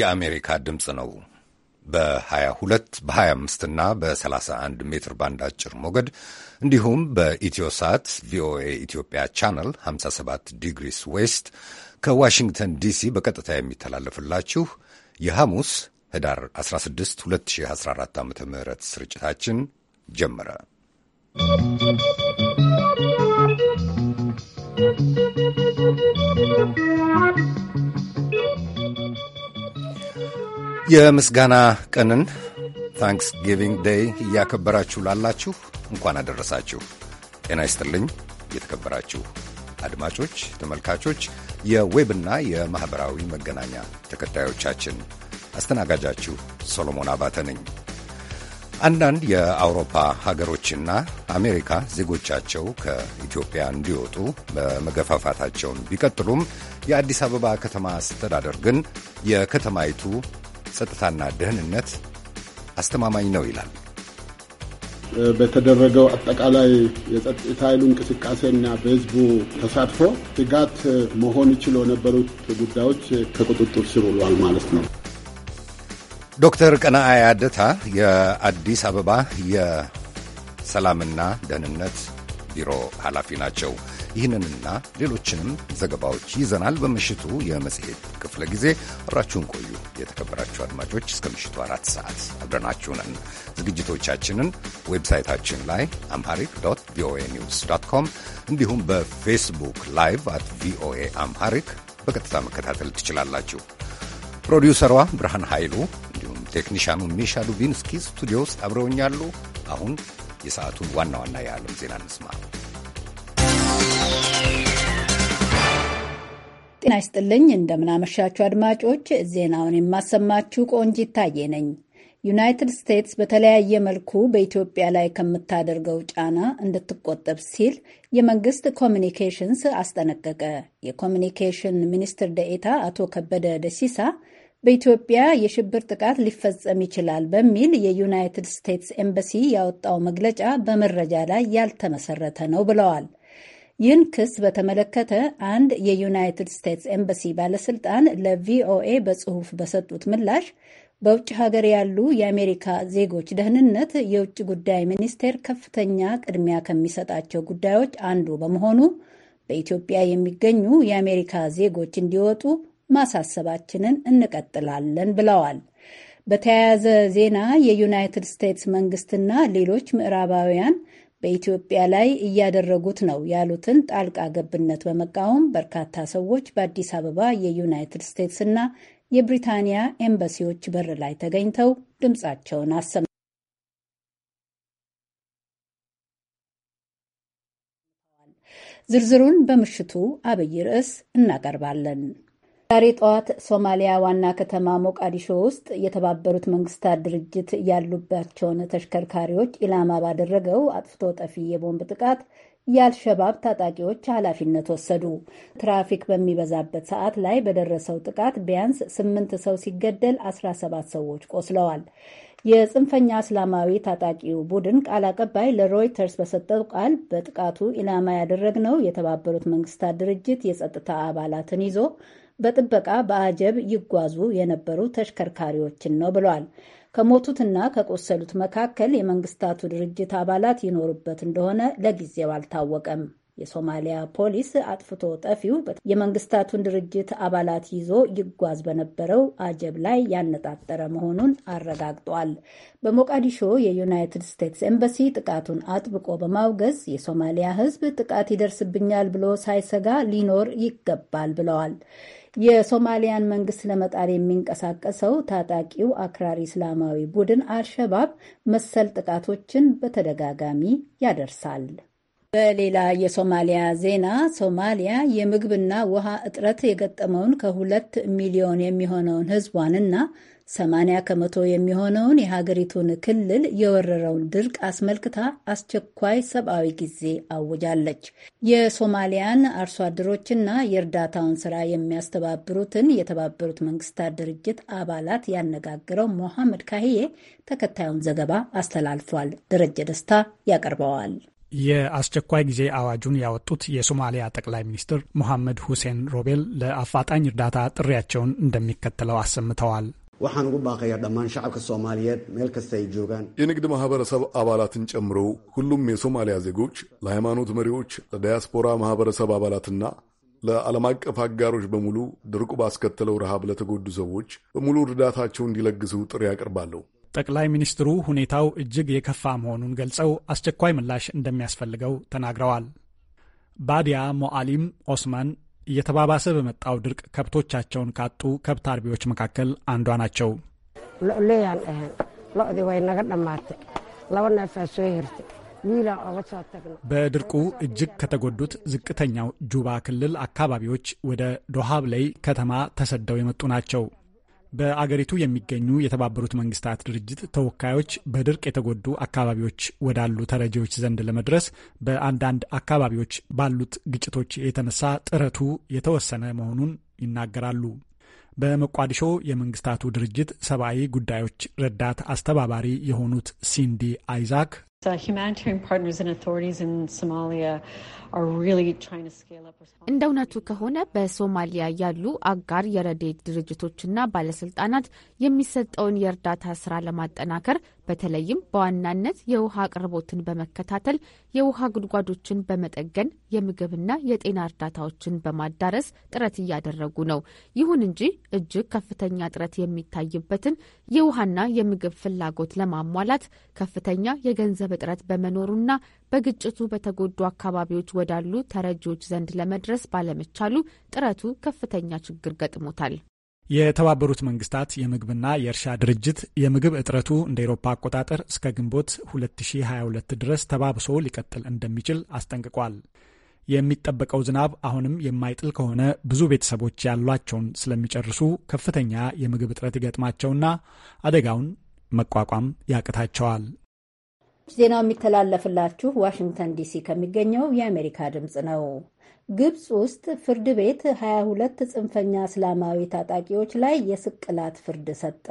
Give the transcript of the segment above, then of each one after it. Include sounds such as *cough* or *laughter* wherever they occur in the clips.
የአሜሪካ ድምፅ ነው። በ22 በ25 እና በ31 ሜትር ባንድ አጭር ሞገድ እንዲሁም በኢትዮሳት ቪኦኤ ኢትዮጵያ ቻናል 57 ዲግሪስ ዌስት ከዋሽንግተን ዲሲ በቀጥታ የሚተላለፍላችሁ የሐሙስ ህዳር 16 2014 ዓ ም ስርጭታችን ጀመረ። የምስጋና ቀንን ታንክስ ጊቪንግ ዴይ እያከበራችሁ ላላችሁ እንኳን አደረሳችሁ። ጤና ይስጥልኝ የተከበራችሁ አድማጮች፣ ተመልካቾች፣ የዌብና የማኅበራዊ መገናኛ ተከታዮቻችን አስተናጋጃችሁ ሶሎሞን አባተ ነኝ። አንዳንድ የአውሮፓ ሀገሮችና አሜሪካ ዜጎቻቸው ከኢትዮጵያ እንዲወጡ በመገፋፋታቸውን ቢቀጥሉም የአዲስ አበባ ከተማ አስተዳደር ግን የከተማይቱ ጸጥታና ደህንነት አስተማማኝ ነው ይላል። በተደረገው አጠቃላይ የጸጥታ ኃይሉ እንቅስቃሴና በህዝቡ ተሳትፎ ስጋት መሆን ይችሎ የነበሩት ጉዳዮች ከቁጥጥር ስር ውሏል ማለት ነው። ዶክተር ቀናአያ ደታ የአዲስ አበባ የሰላምና ደህንነት ቢሮ ኃላፊ ናቸው። ይህንንና ሌሎችንም ዘገባዎች ይዘናል በምሽቱ የመጽሔት ክፍለ ጊዜ። አብራችሁን ቆዩ። የተከበራችሁ አድማጮች እስከ ምሽቱ አራት ሰዓት አብረናችሁ ነን። ዝግጅቶቻችንን ዌብሳይታችን ላይ አምሃሪክ ዶት ቪኦኤ ኒውስ ዶት ኮም እንዲሁም በፌስቡክ ላይቭ አት ቪኦኤ አምሃሪክ በቀጥታ መከታተል ትችላላችሁ። ፕሮዲውሰሯ ብርሃን ኃይሉ እንዲሁም ቴክኒሻኑ ሚሻ ዱቢንስኪ ስቱዲዮ ውስጥ አብረውኛሉ። አሁን የሰዓቱን ዋና ዋና የዓለም ዜና እንስማ። ጤና ይስጥልኝ፣ እንደምናመሻችሁ አድማጮች። ዜናውን የማሰማችሁ ቆንጂ ይታየ ነኝ። ዩናይትድ ስቴትስ በተለያየ መልኩ በኢትዮጵያ ላይ ከምታደርገው ጫና እንድትቆጠብ ሲል የመንግስት ኮሚኒኬሽንስ አስጠነቀቀ። የኮሚኒኬሽን ሚኒስትር ደኤታ አቶ ከበደ ደሲሳ በኢትዮጵያ የሽብር ጥቃት ሊፈጸም ይችላል በሚል የዩናይትድ ስቴትስ ኤምባሲ ያወጣው መግለጫ በመረጃ ላይ ያልተመሰረተ ነው ብለዋል። ይህን ክስ በተመለከተ አንድ የዩናይትድ ስቴትስ ኤምባሲ ባለስልጣን ለቪኦኤ በጽሑፍ በሰጡት ምላሽ በውጭ ሀገር ያሉ የአሜሪካ ዜጎች ደህንነት የውጭ ጉዳይ ሚኒስቴር ከፍተኛ ቅድሚያ ከሚሰጣቸው ጉዳዮች አንዱ በመሆኑ በኢትዮጵያ የሚገኙ የአሜሪካ ዜጎች እንዲወጡ ማሳሰባችንን እንቀጥላለን ብለዋል። በተያያዘ ዜና የዩናይትድ ስቴትስ መንግስትና ሌሎች ምዕራባውያን በኢትዮጵያ ላይ እያደረጉት ነው ያሉትን ጣልቃ ገብነት በመቃወም በርካታ ሰዎች በአዲስ አበባ የዩናይትድ ስቴትስ እና የብሪታንያ ኤምባሲዎች በር ላይ ተገኝተው ድምጻቸውን አሰማ ዝርዝሩን በምሽቱ አብይ ርዕስ እናቀርባለን። ዛሬ ጠዋት ሶማሊያ ዋና ከተማ ሞቃዲሾ ውስጥ የተባበሩት መንግስታት ድርጅት ያሉባቸውን ተሽከርካሪዎች ኢላማ ባደረገው አጥፍቶ ጠፊ የቦምብ ጥቃት የአልሸባብ ታጣቂዎች ኃላፊነት ወሰዱ። ትራፊክ በሚበዛበት ሰዓት ላይ በደረሰው ጥቃት ቢያንስ ስምንት ሰው ሲገደል ሰባት ሰዎች ቆስለዋል። የጽንፈኛ እስላማዊ ታጣቂው ቡድን ቃል አቀባይ ለሮይተርስ በሰጠው ቃል በጥቃቱ ኢላማ ያደረግነው የተባበሩት መንግስታት ድርጅት የጸጥታ አባላትን ይዞ በጥበቃ በአጀብ ይጓዙ የነበሩ ተሽከርካሪዎችን ነው ብሏል። ከሞቱትና ከቆሰሉት መካከል የመንግስታቱ ድርጅት አባላት ይኖሩበት እንደሆነ ለጊዜው አልታወቀም። የሶማሊያ ፖሊስ አጥፍቶ ጠፊው የመንግስታቱን ድርጅት አባላት ይዞ ይጓዝ በነበረው አጀብ ላይ ያነጣጠረ መሆኑን አረጋግጧል። በሞቃዲሾ የዩናይትድ ስቴትስ ኤምባሲ ጥቃቱን አጥብቆ በማውገዝ የሶማሊያ ሕዝብ ጥቃት ይደርስብኛል ብሎ ሳይሰጋ ሊኖር ይገባል ብለዋል። የሶማሊያን መንግስት ለመጣል የሚንቀሳቀሰው ታጣቂው አክራሪ እስላማዊ ቡድን አልሸባብ መሰል ጥቃቶችን በተደጋጋሚ ያደርሳል። በሌላ የሶማሊያ ዜና ሶማሊያ የምግብና ውሃ እጥረት የገጠመውን ከሁለት ሚሊዮን የሚሆነውን ህዝቧንና 80 ከመቶ የሚሆነውን የሀገሪቱን ክልል የወረረውን ድርቅ አስመልክታ አስቸኳይ ሰብአዊ ጊዜ አውጃለች። የሶማሊያን አርሶ አደሮችና የእርዳታውን ስራ የሚያስተባብሩትን የተባበሩት መንግስታት ድርጅት አባላት ያነጋግረው ሞሐመድ ካህዬ ተከታዩን ዘገባ አስተላልፏል። ደረጀ ደስታ ያቀርበዋል። የአስቸኳይ ጊዜ አዋጁን ያወጡት የሶማሊያ ጠቅላይ ሚኒስትር ሞሐመድ ሁሴን ሮቤል ለአፋጣኝ እርዳታ ጥሪያቸውን እንደሚከተለው አሰምተዋል። waxaan ugu baaqayaa dhammaan shacabka soomaaliyeed meel kasta ay joogaan የንግድ ማህበረሰብ አባላትን ጨምሮ ሁሉም የሶማሊያ ዜጎች ለሃይማኖት መሪዎች፣ ለዳያስፖራ ማህበረሰብ አባላትና ለዓለም አቀፍ አጋሮች በሙሉ ድርቁ ባስከተለው ረሃብ ለተጎዱ ሰዎች በሙሉ እርዳታቸው እንዲለግሱ ጥሪ አቀርባለሁ። ጠቅላይ ሚኒስትሩ ሁኔታው እጅግ የከፋ መሆኑን ገልጸው አስቸኳይ ምላሽ እንደሚያስፈልገው ተናግረዋል። ባዲያ ሞአሊም ኦስማን እየተባባሰ በመጣው ድርቅ ከብቶቻቸውን ካጡ ከብት አርቢዎች መካከል አንዷ ናቸው። በድርቁ እጅግ ከተጎዱት ዝቅተኛው ጁባ ክልል አካባቢዎች ወደ ዶሃብሌይ ከተማ ተሰደው የመጡ ናቸው። በአገሪቱ የሚገኙ የተባበሩት መንግስታት ድርጅት ተወካዮች በድርቅ የተጎዱ አካባቢዎች ወዳሉ ተረጂዎች ዘንድ ለመድረስ በአንዳንድ አካባቢዎች ባሉት ግጭቶች የተነሳ ጥረቱ የተወሰነ መሆኑን ይናገራሉ። በሞቃዲሾ የመንግስታቱ ድርጅት ሰብአዊ ጉዳዮች ረዳት አስተባባሪ የሆኑት ሲንዲ አይዛክ እንደ እውነቱ ከሆነ በሶማሊያ ያሉ አጋር የረድኤት ድርጅቶችና ባለስልጣናት የሚሰጠውን የእርዳታ ስራ ለማጠናከር በተለይም በዋናነት የውሃ አቅርቦትን በመከታተል የውሃ ጉድጓዶችን በመጠገን የምግብና የጤና እርዳታዎችን በማዳረስ ጥረት እያደረጉ ነው። ይሁን እንጂ እጅግ ከፍተኛ ጥረት የሚታይበትን የውሃና የምግብ ፍላጎት ለማሟላት ከፍተኛ የገንዘብ እጥረት በመኖሩና በግጭቱ በተጎዱ አካባቢዎች ወዳሉ ተረጂዎች ዘንድ ለመድረስ ባለመቻሉ ጥረቱ ከፍተኛ ችግር ገጥሞታል። የተባበሩት መንግስታት የምግብና የእርሻ ድርጅት የምግብ እጥረቱ እንደ ኤሮፓ አቆጣጠር እስከ ግንቦት 2022 ድረስ ተባብሶ ሊቀጥል እንደሚችል አስጠንቅቋል። የሚጠበቀው ዝናብ አሁንም የማይጥል ከሆነ ብዙ ቤተሰቦች ያሏቸውን ስለሚጨርሱ ከፍተኛ የምግብ እጥረት ይገጥማቸውና አደጋውን መቋቋም ያቅታቸዋል። ዜናው የሚተላለፍላችሁ ዋሽንግተን ዲሲ ከሚገኘው የአሜሪካ ድምፅ ነው። ግብፅ ውስጥ ፍርድ ቤት 22 ጽንፈኛ እስላማዊ ታጣቂዎች ላይ የስቅላት ፍርድ ሰጠ።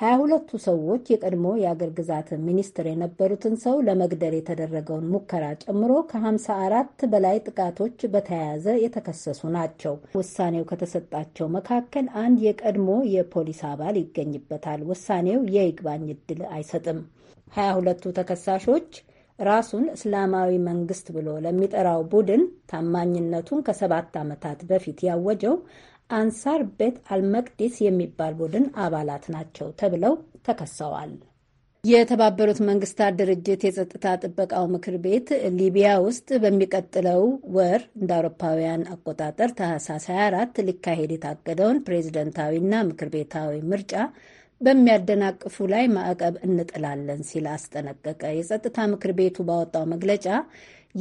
22ቱ ሰዎች የቀድሞ የአገር ግዛት ሚኒስትር የነበሩትን ሰው ለመግደል የተደረገውን ሙከራ ጨምሮ ከ54 በላይ ጥቃቶች በተያያዘ የተከሰሱ ናቸው። ውሳኔው ከተሰጣቸው መካከል አንድ የቀድሞ የፖሊስ አባል ይገኝበታል። ውሳኔው የይግባኝ ዕድል አይሰጥም። ሀያ ሁለቱ ተከሳሾች ራሱን እስላማዊ መንግስት ብሎ ለሚጠራው ቡድን ታማኝነቱን ከሰባት ዓመታት በፊት ያወጀው አንሳር ቤት አልመቅዲስ የሚባል ቡድን አባላት ናቸው ተብለው ተከሰዋል። የተባበሩት መንግስታት ድርጅት የጸጥታ ጥበቃው ምክር ቤት ሊቢያ ውስጥ በሚቀጥለው ወር እንደ አውሮፓውያን አቆጣጠር ታህሳስ 24 ሊካሄድ የታቀደውን ፕሬዝደንታዊና ምክር ቤታዊ ምርጫ በሚያደናቅፉ ላይ ማዕቀብ እንጥላለን ሲል አስጠነቀቀ። የጸጥታ ምክር ቤቱ ባወጣው መግለጫ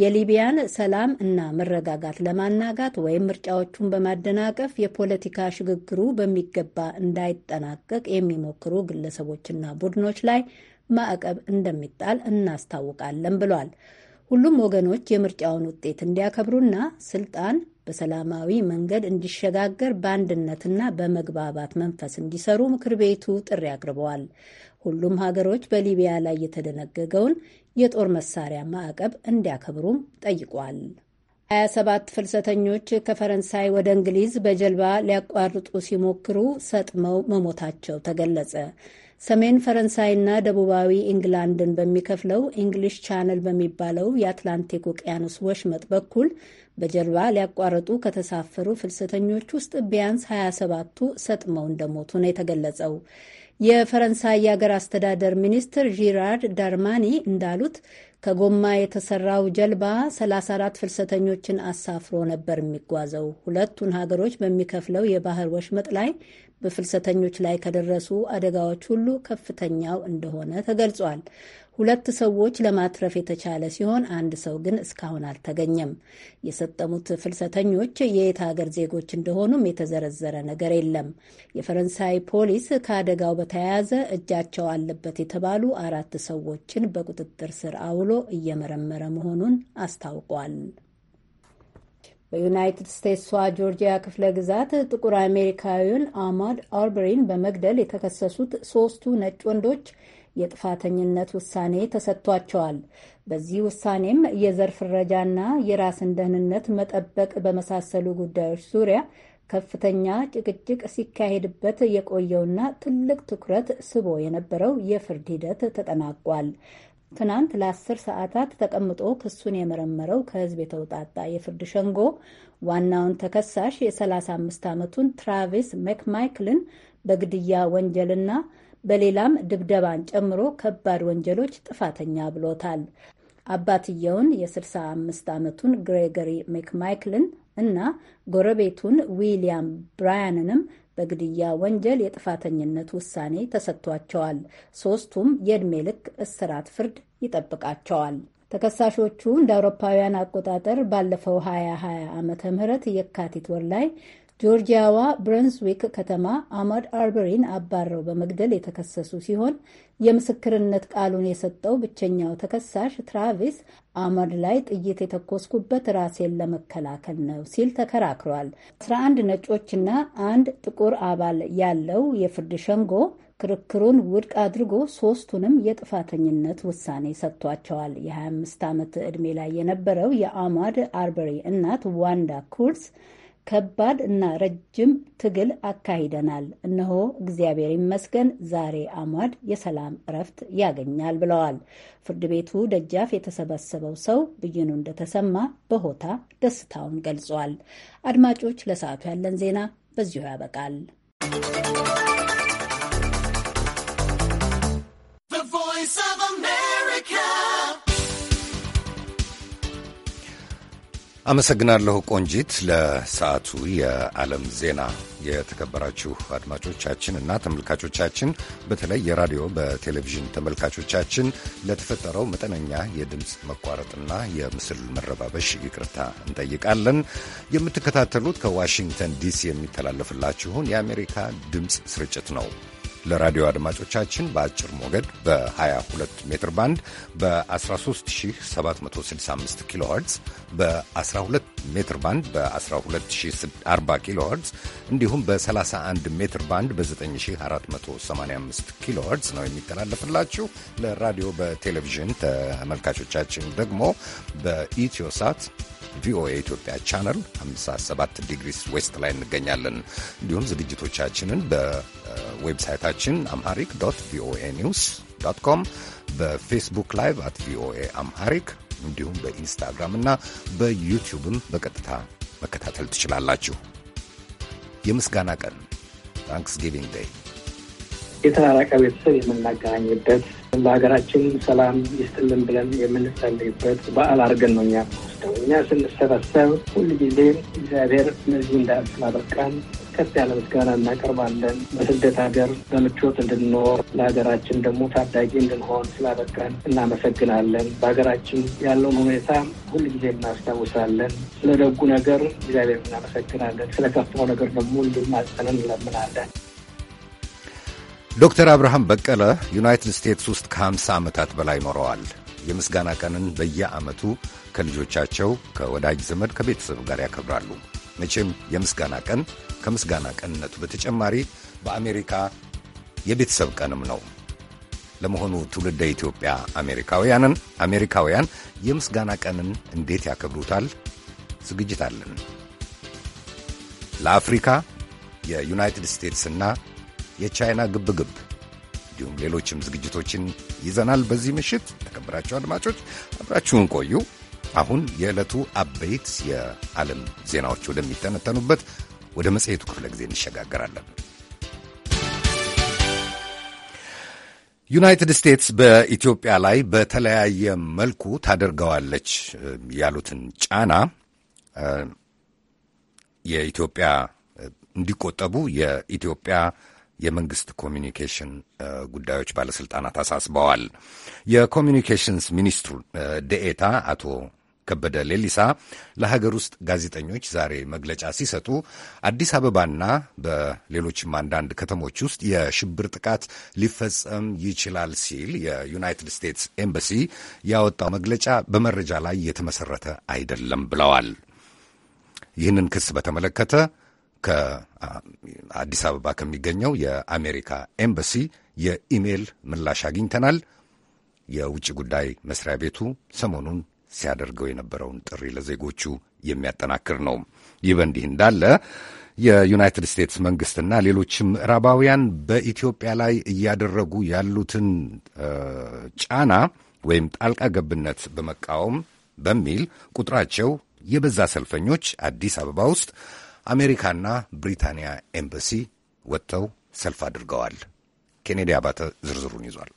የሊቢያን ሰላም እና መረጋጋት ለማናጋት ወይም ምርጫዎቹን በማደናቀፍ የፖለቲካ ሽግግሩ በሚገባ እንዳይጠናቀቅ የሚሞክሩ ግለሰቦችና ቡድኖች ላይ ማዕቀብ እንደሚጣል እናስታውቃለን ብሏል። ሁሉም ወገኖች የምርጫውን ውጤት እንዲያከብሩና ስልጣን በሰላማዊ መንገድ እንዲሸጋገር በአንድነትና በመግባባት መንፈስ እንዲሰሩ ምክር ቤቱ ጥሪ አቅርበዋል። ሁሉም ሀገሮች በሊቢያ ላይ የተደነገገውን የጦር መሳሪያ ማዕቀብ እንዲያከብሩም ጠይቋል። 27 ፍልሰተኞች ከፈረንሳይ ወደ እንግሊዝ በጀልባ ሊያቋርጡ ሲሞክሩ ሰጥመው መሞታቸው ተገለጸ። ሰሜን ፈረንሳይና ደቡባዊ ኢንግላንድን በሚከፍለው ኢንግሊሽ ቻነል በሚባለው የአትላንቲክ ውቅያኖስ ወሽመጥ በኩል በጀልባ ሊያቋርጡ ከተሳፈሩ ፍልሰተኞች ውስጥ ቢያንስ 27ቱ ሰጥመው እንደሞቱ ነው የተገለጸው። የፈረንሳይ የአገር አስተዳደር ሚኒስትር ዢራርድ ዳርማኒ እንዳሉት ከጎማ የተሰራው ጀልባ 34 ፍልሰተኞችን አሳፍሮ ነበር የሚጓዘው። ሁለቱን ሀገሮች በሚከፍለው የባህር ወሽመጥ ላይ በፍልሰተኞች ላይ ከደረሱ አደጋዎች ሁሉ ከፍተኛው እንደሆነ ተገልጿል። ሁለት ሰዎች ለማትረፍ የተቻለ ሲሆን አንድ ሰው ግን እስካሁን አልተገኘም። የሰጠሙት ፍልሰተኞች የየት ሀገር ዜጎች እንደሆኑም የተዘረዘረ ነገር የለም። የፈረንሳይ ፖሊስ ከአደጋው በተያያዘ እጃቸው አለበት የተባሉ አራት ሰዎችን በቁጥጥር ስር አውሎ እየመረመረ መሆኑን አስታውቋል። በዩናይትድ ስቴትሷ ጆርጂያ ክፍለ ግዛት ጥቁር አሜሪካዊውን አማድ አርበሪን በመግደል የተከሰሱት ሶስቱ ነጭ ወንዶች የጥፋተኝነት ውሳኔ ተሰጥቷቸዋል። በዚህ ውሳኔም የዘር ፍረጃና የራስን ደህንነት መጠበቅ በመሳሰሉ ጉዳዮች ዙሪያ ከፍተኛ ጭቅጭቅ ሲካሄድበት የቆየውና ትልቅ ትኩረት ስቦ የነበረው የፍርድ ሂደት ተጠናቋል። ትናንት ለአስር ሰዓታት ተቀምጦ ክሱን የመረመረው ከህዝብ የተውጣጣ የፍርድ ሸንጎ ዋናውን ተከሳሽ የ35 ዓመቱን ትራቪስ ሜክማይክልን በግድያ ወንጀልና በሌላም ድብደባን ጨምሮ ከባድ ወንጀሎች ጥፋተኛ ብሎታል። አባትየውን የ65 ዓመቱን ግሬገሪ ሜክማይክልን እና ጎረቤቱን ዊሊያም ብራያንንም በግድያ ወንጀል የጥፋተኝነት ውሳኔ ተሰጥቷቸዋል። ሶስቱም የዕድሜ ልክ እስራት ፍርድ ይጠብቃቸዋል። ተከሳሾቹ እንደ አውሮፓውያን አቆጣጠር ባለፈው 2020 ዓመተ ም የካቲት ወር ላይ ጆርጂያዋ ብረንስዊክ ከተማ አማድ አርበሪን አባረው በመግደል የተከሰሱ ሲሆን የምስክርነት ቃሉን የሰጠው ብቸኛው ተከሳሽ ትራቪስ አማድ ላይ ጥይት የተኮስኩበት ራሴን ለመከላከል ነው ሲል ተከራክሯል። 11 ነጮችና አንድ ጥቁር አባል ያለው የፍርድ ሸንጎ ክርክሩን ውድቅ አድርጎ ሶስቱንም የጥፋተኝነት ውሳኔ ሰጥቷቸዋል። የ25 ዓመት ዕድሜ ላይ የነበረው የአማድ አርበሪ እናት ዋንዳ ኩርስ ከባድ እና ረጅም ትግል አካሂደናል። እነሆ እግዚአብሔር ይመስገን ዛሬ አሟድ የሰላም እረፍት ያገኛል ብለዋል። ፍርድ ቤቱ ደጃፍ የተሰበሰበው ሰው ብይኑ እንደተሰማ በሆታ ደስታውን ገልጿል። አድማጮች፣ ለሰዓቱ ያለን ዜና በዚሁ ያበቃል። አመሰግናለሁ ቆንጂት። ለሰዓቱ የዓለም ዜና የተከበራችሁ አድማጮቻችን እና ተመልካቾቻችን፣ በተለይ የራዲዮ በቴሌቪዥን ተመልካቾቻችን ለተፈጠረው መጠነኛ የድምፅ መቋረጥና የምስል መረባበሽ ይቅርታ እንጠይቃለን። የምትከታተሉት ከዋሽንግተን ዲሲ የሚተላለፍላችሁን የአሜሪካ ድምፅ ስርጭት ነው። ለራዲዮ አድማጮቻችን በአጭር ሞገድ በ22 ሜትር ባንድ በ13765 ኪሎ ኸርትዝ በ12 ሜትር ባንድ በ12040 ኪሎ ኸርትዝ እንዲሁም በ31 ሜትር ባንድ በ9485 ኪሎ ኸርትዝ ነው የሚተላለፍላችሁ። ለራዲዮ በቴሌቪዥን ተመልካቾቻችን ደግሞ በኢትዮሳት ቪኦኤ ኢትዮጵያ ቻናል 57 ዲግሪስ ዌስት ላይ እንገኛለን። እንዲሁም ዝግጅቶቻችንን በዌብሳይታችን አምሃሪክ ዶት ቪኦኤ ኒውስ ዶት ኮም፣ በፌስቡክ ላይቭ አት ቪኦኤ አምሃሪክ እንዲሁም በኢንስታግራም እና በዩቲዩብም በቀጥታ መከታተል ትችላላችሁ። የምስጋና ቀን ታንክስጊቪንግ ዴይ የተራራቀ ቤተሰብ የምናገናኝበት ለሀገራችን ሰላም ይስጥልን ብለን የምንጸልይበት በዓል አድርገን ነው እኛ ወስደው እኛ ስንሰበሰብ ሁል ጊዜ እግዚአብሔር እነዚህ እንዳስላበቃን ከፍ ያለ ምስጋና እናቀርባለን። በስደት ሀገር በምቾት እንድንኖር ለሀገራችን ደግሞ ታዳጊ እንድንሆን ስላበቃን እናመሰግናለን። በሀገራችን ያለውን ሁኔታ ሁል ጊዜ እናስታውሳለን። ስለ ደጉ ነገር እግዚአብሔር እናመሰግናለን። ስለ ከፋው ነገር ደግሞ እንዲማጸንን እንለምናለን። ዶክተር አብርሃም በቀለ ዩናይትድ ስቴትስ ውስጥ ከ50 ዓመታት በላይ ኖረዋል። የምስጋና ቀንን በየዓመቱ ከልጆቻቸው ከወዳጅ ዘመድ፣ ከቤተሰብ ጋር ያከብራሉ። መቼም የምስጋና ቀን ከምስጋና ቀንነቱ በተጨማሪ በአሜሪካ የቤተሰብ ቀንም ነው። ለመሆኑ ትውልደ ኢትዮጵያ አሜሪካውያንን አሜሪካውያን የምስጋና ቀንን እንዴት ያከብሩታል? ዝግጅት አለን። ለአፍሪካ የዩናይትድ ስቴትስና የቻይና ግብግብ እንዲሁም ሌሎችም ዝግጅቶችን ይዘናል በዚህ ምሽት። ተከበራችሁ አድማጮች አብራችሁን ቆዩ። አሁን የዕለቱ አበይት የዓለም ዜናዎች ወደሚተነተኑበት ወደ መጽሔቱ ክፍለ ጊዜ እንሸጋገራለን። ዩናይትድ ስቴትስ በኢትዮጵያ ላይ በተለያየ መልኩ ታደርገዋለች ያሉትን ጫና የኢትዮጵያ እንዲቆጠቡ የኢትዮጵያ የመንግስት ኮሚኒኬሽን ጉዳዮች ባለስልጣናት አሳስበዋል። የኮሚኒኬሽንስ ሚኒስትሩ ደኤታ አቶ ከበደ ሌሊሳ ለሀገር ውስጥ ጋዜጠኞች ዛሬ መግለጫ ሲሰጡ አዲስ አበባና በሌሎችም አንዳንድ ከተሞች ውስጥ የሽብር ጥቃት ሊፈጸም ይችላል ሲል የዩናይትድ ስቴትስ ኤምባሲ ያወጣው መግለጫ በመረጃ ላይ የተመሰረተ አይደለም ብለዋል። ይህንን ክስ በተመለከተ ከአዲስ አበባ ከሚገኘው የአሜሪካ ኤምባሲ የኢሜል ምላሽ አግኝተናል። የውጭ ጉዳይ መስሪያ ቤቱ ሰሞኑን ሲያደርገው የነበረውን ጥሪ ለዜጎቹ የሚያጠናክር ነው። ይህ በእንዲህ እንዳለ የዩናይትድ ስቴትስ መንግስትና ሌሎችም ምዕራባውያን በኢትዮጵያ ላይ እያደረጉ ያሉትን ጫና ወይም ጣልቃ ገብነት በመቃወም በሚል ቁጥራቸው የበዛ ሰልፈኞች አዲስ አበባ ውስጥ አሜሪካና ብሪታንያ ኤምባሲ ወጥተው ሰልፍ አድርገዋል። ኬኔዲ አባተ ዝርዝሩን ይዟል።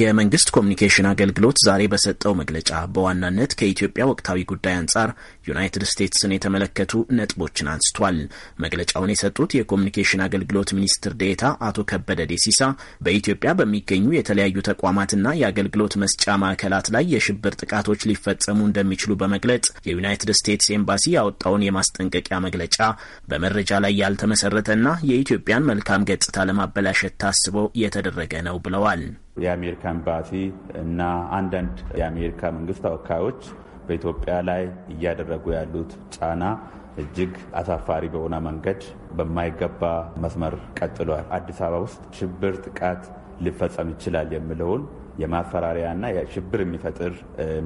የመንግስት ኮሚኒኬሽን አገልግሎት ዛሬ በሰጠው መግለጫ በዋናነት ከኢትዮጵያ ወቅታዊ ጉዳይ አንጻር ዩናይትድ ስቴትስን የተመለከቱ ነጥቦችን አንስቷል። መግለጫውን የሰጡት የኮሚኒኬሽን አገልግሎት ሚኒስትር ዴታ አቶ ከበደ ዴሲሳ በኢትዮጵያ በሚገኙ የተለያዩ ተቋማትና የአገልግሎት መስጫ ማዕከላት ላይ የሽብር ጥቃቶች ሊፈጸሙ እንደሚችሉ በመግለጽ የዩናይትድ ስቴትስ ኤምባሲ ያወጣውን የማስጠንቀቂያ መግለጫ በመረጃ ላይ ያልተመሰረተና የኢትዮጵያን መልካም ገጽታ ለማበላሸት ታስቦ የተደረገ ነው ብለዋል። የአሜሪካ ኤምባሲ እና አንዳንድ የአሜሪካ መንግስት ተወካዮች በኢትዮጵያ ላይ እያደረጉ ያሉት ጫና እጅግ አሳፋሪ በሆነ መንገድ በማይገባ መስመር ቀጥሏል። አዲስ አበባ ውስጥ ሽብር ጥቃት ሊፈጸም ይችላል የሚለውን የማፈራሪያና ሽብር የሚፈጥር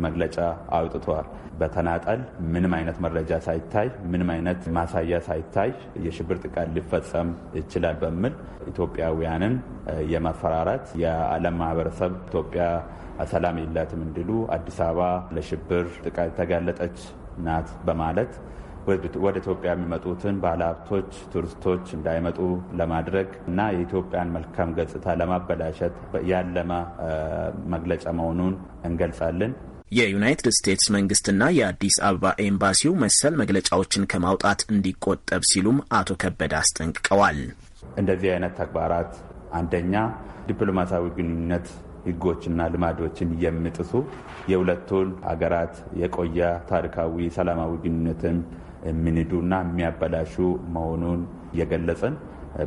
መግለጫ አውጥተዋል። በተናጠል ምንም አይነት መረጃ ሳይታይ፣ ምንም አይነት ማሳያ ሳይታይ የሽብር ጥቃት ሊፈጸም ይችላል በሚል ኢትዮጵያውያንን የማፈራራት የዓለም ማህበረሰብ ኢትዮጵያ ሰላም የላትም እንዲሉ አዲስ አበባ ለሽብር ጥቃት የተጋለጠች ናት በማለት ወደ ኢትዮጵያ የሚመጡትን ባለሀብቶች፣ ቱሪስቶች እንዳይመጡ ለማድረግ እና የኢትዮጵያን መልካም ገጽታ ለማበላሸት ያለመ መግለጫ መሆኑን እንገልጻለን። የዩናይትድ ስቴትስ መንግስትና የአዲስ አበባ ኤምባሲው መሰል መግለጫዎችን ከማውጣት እንዲቆጠብ ሲሉም አቶ ከበደ አስጠንቅቀዋል። እንደዚህ አይነት ተግባራት አንደኛ ዲፕሎማሲያዊ ግንኙነት ህጎችና ልማዶችን የሚጥሱ የሁለቱን ሀገራት የቆየ ታሪካዊ ሰላማዊ ግንኙነትን የሚንዱና የሚያበላሹ መሆኑን የገለጸን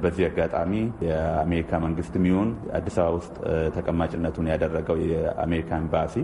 በዚህ አጋጣሚ የአሜሪካ መንግስትም ይሁን አዲስ አበባ ውስጥ ተቀማጭነቱን ያደረገው የአሜሪካ ኤምባሲ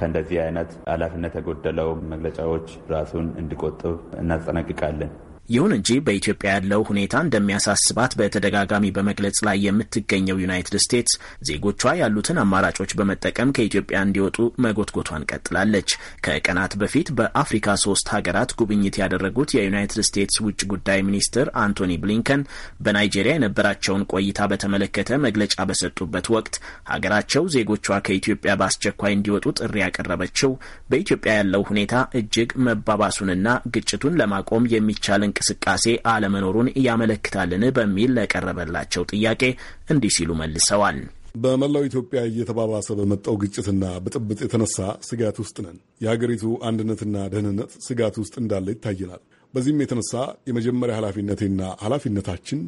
ከእንደዚህ አይነት ኃላፊነት የጎደለው መግለጫዎች ራሱን እንዲቆጥብ እናስጠነቅቃለን። ይሁን እንጂ በኢትዮጵያ ያለው ሁኔታ እንደሚያሳስባት በተደጋጋሚ በመግለጽ ላይ የምትገኘው ዩናይትድ ስቴትስ ዜጎቿ ያሉትን አማራጮች በመጠቀም ከኢትዮጵያ እንዲወጡ መጎትጎቷን ቀጥላለች። ከቀናት በፊት በአፍሪካ ሶስት ሀገራት ጉብኝት ያደረጉት የዩናይትድ ስቴትስ ውጭ ጉዳይ ሚኒስትር አንቶኒ ብሊንከን በናይጄሪያ የነበራቸውን ቆይታ በተመለከተ መግለጫ በሰጡበት ወቅት ሀገራቸው ዜጎቿ ከኢትዮጵያ በአስቸኳይ እንዲወጡ ጥሪ ያቀረበችው በኢትዮጵያ ያለው ሁኔታ እጅግ መባባሱንና ግጭቱን ለማቆም የሚቻልን እንቅስቃሴ አለመኖሩን ያመለክታልን በሚል ለቀረበላቸው ጥያቄ እንዲህ ሲሉ መልሰዋል። በመላው ኢትዮጵያ እየተባባሰ በመጣው ግጭትና ብጥብጥ የተነሳ ስጋት ውስጥ ነን። የሀገሪቱ አንድነትና ደህንነት ስጋት ውስጥ እንዳለ ይታየናል። በዚህም የተነሳ የመጀመሪያ ኃላፊነቴና ኃላፊነታችን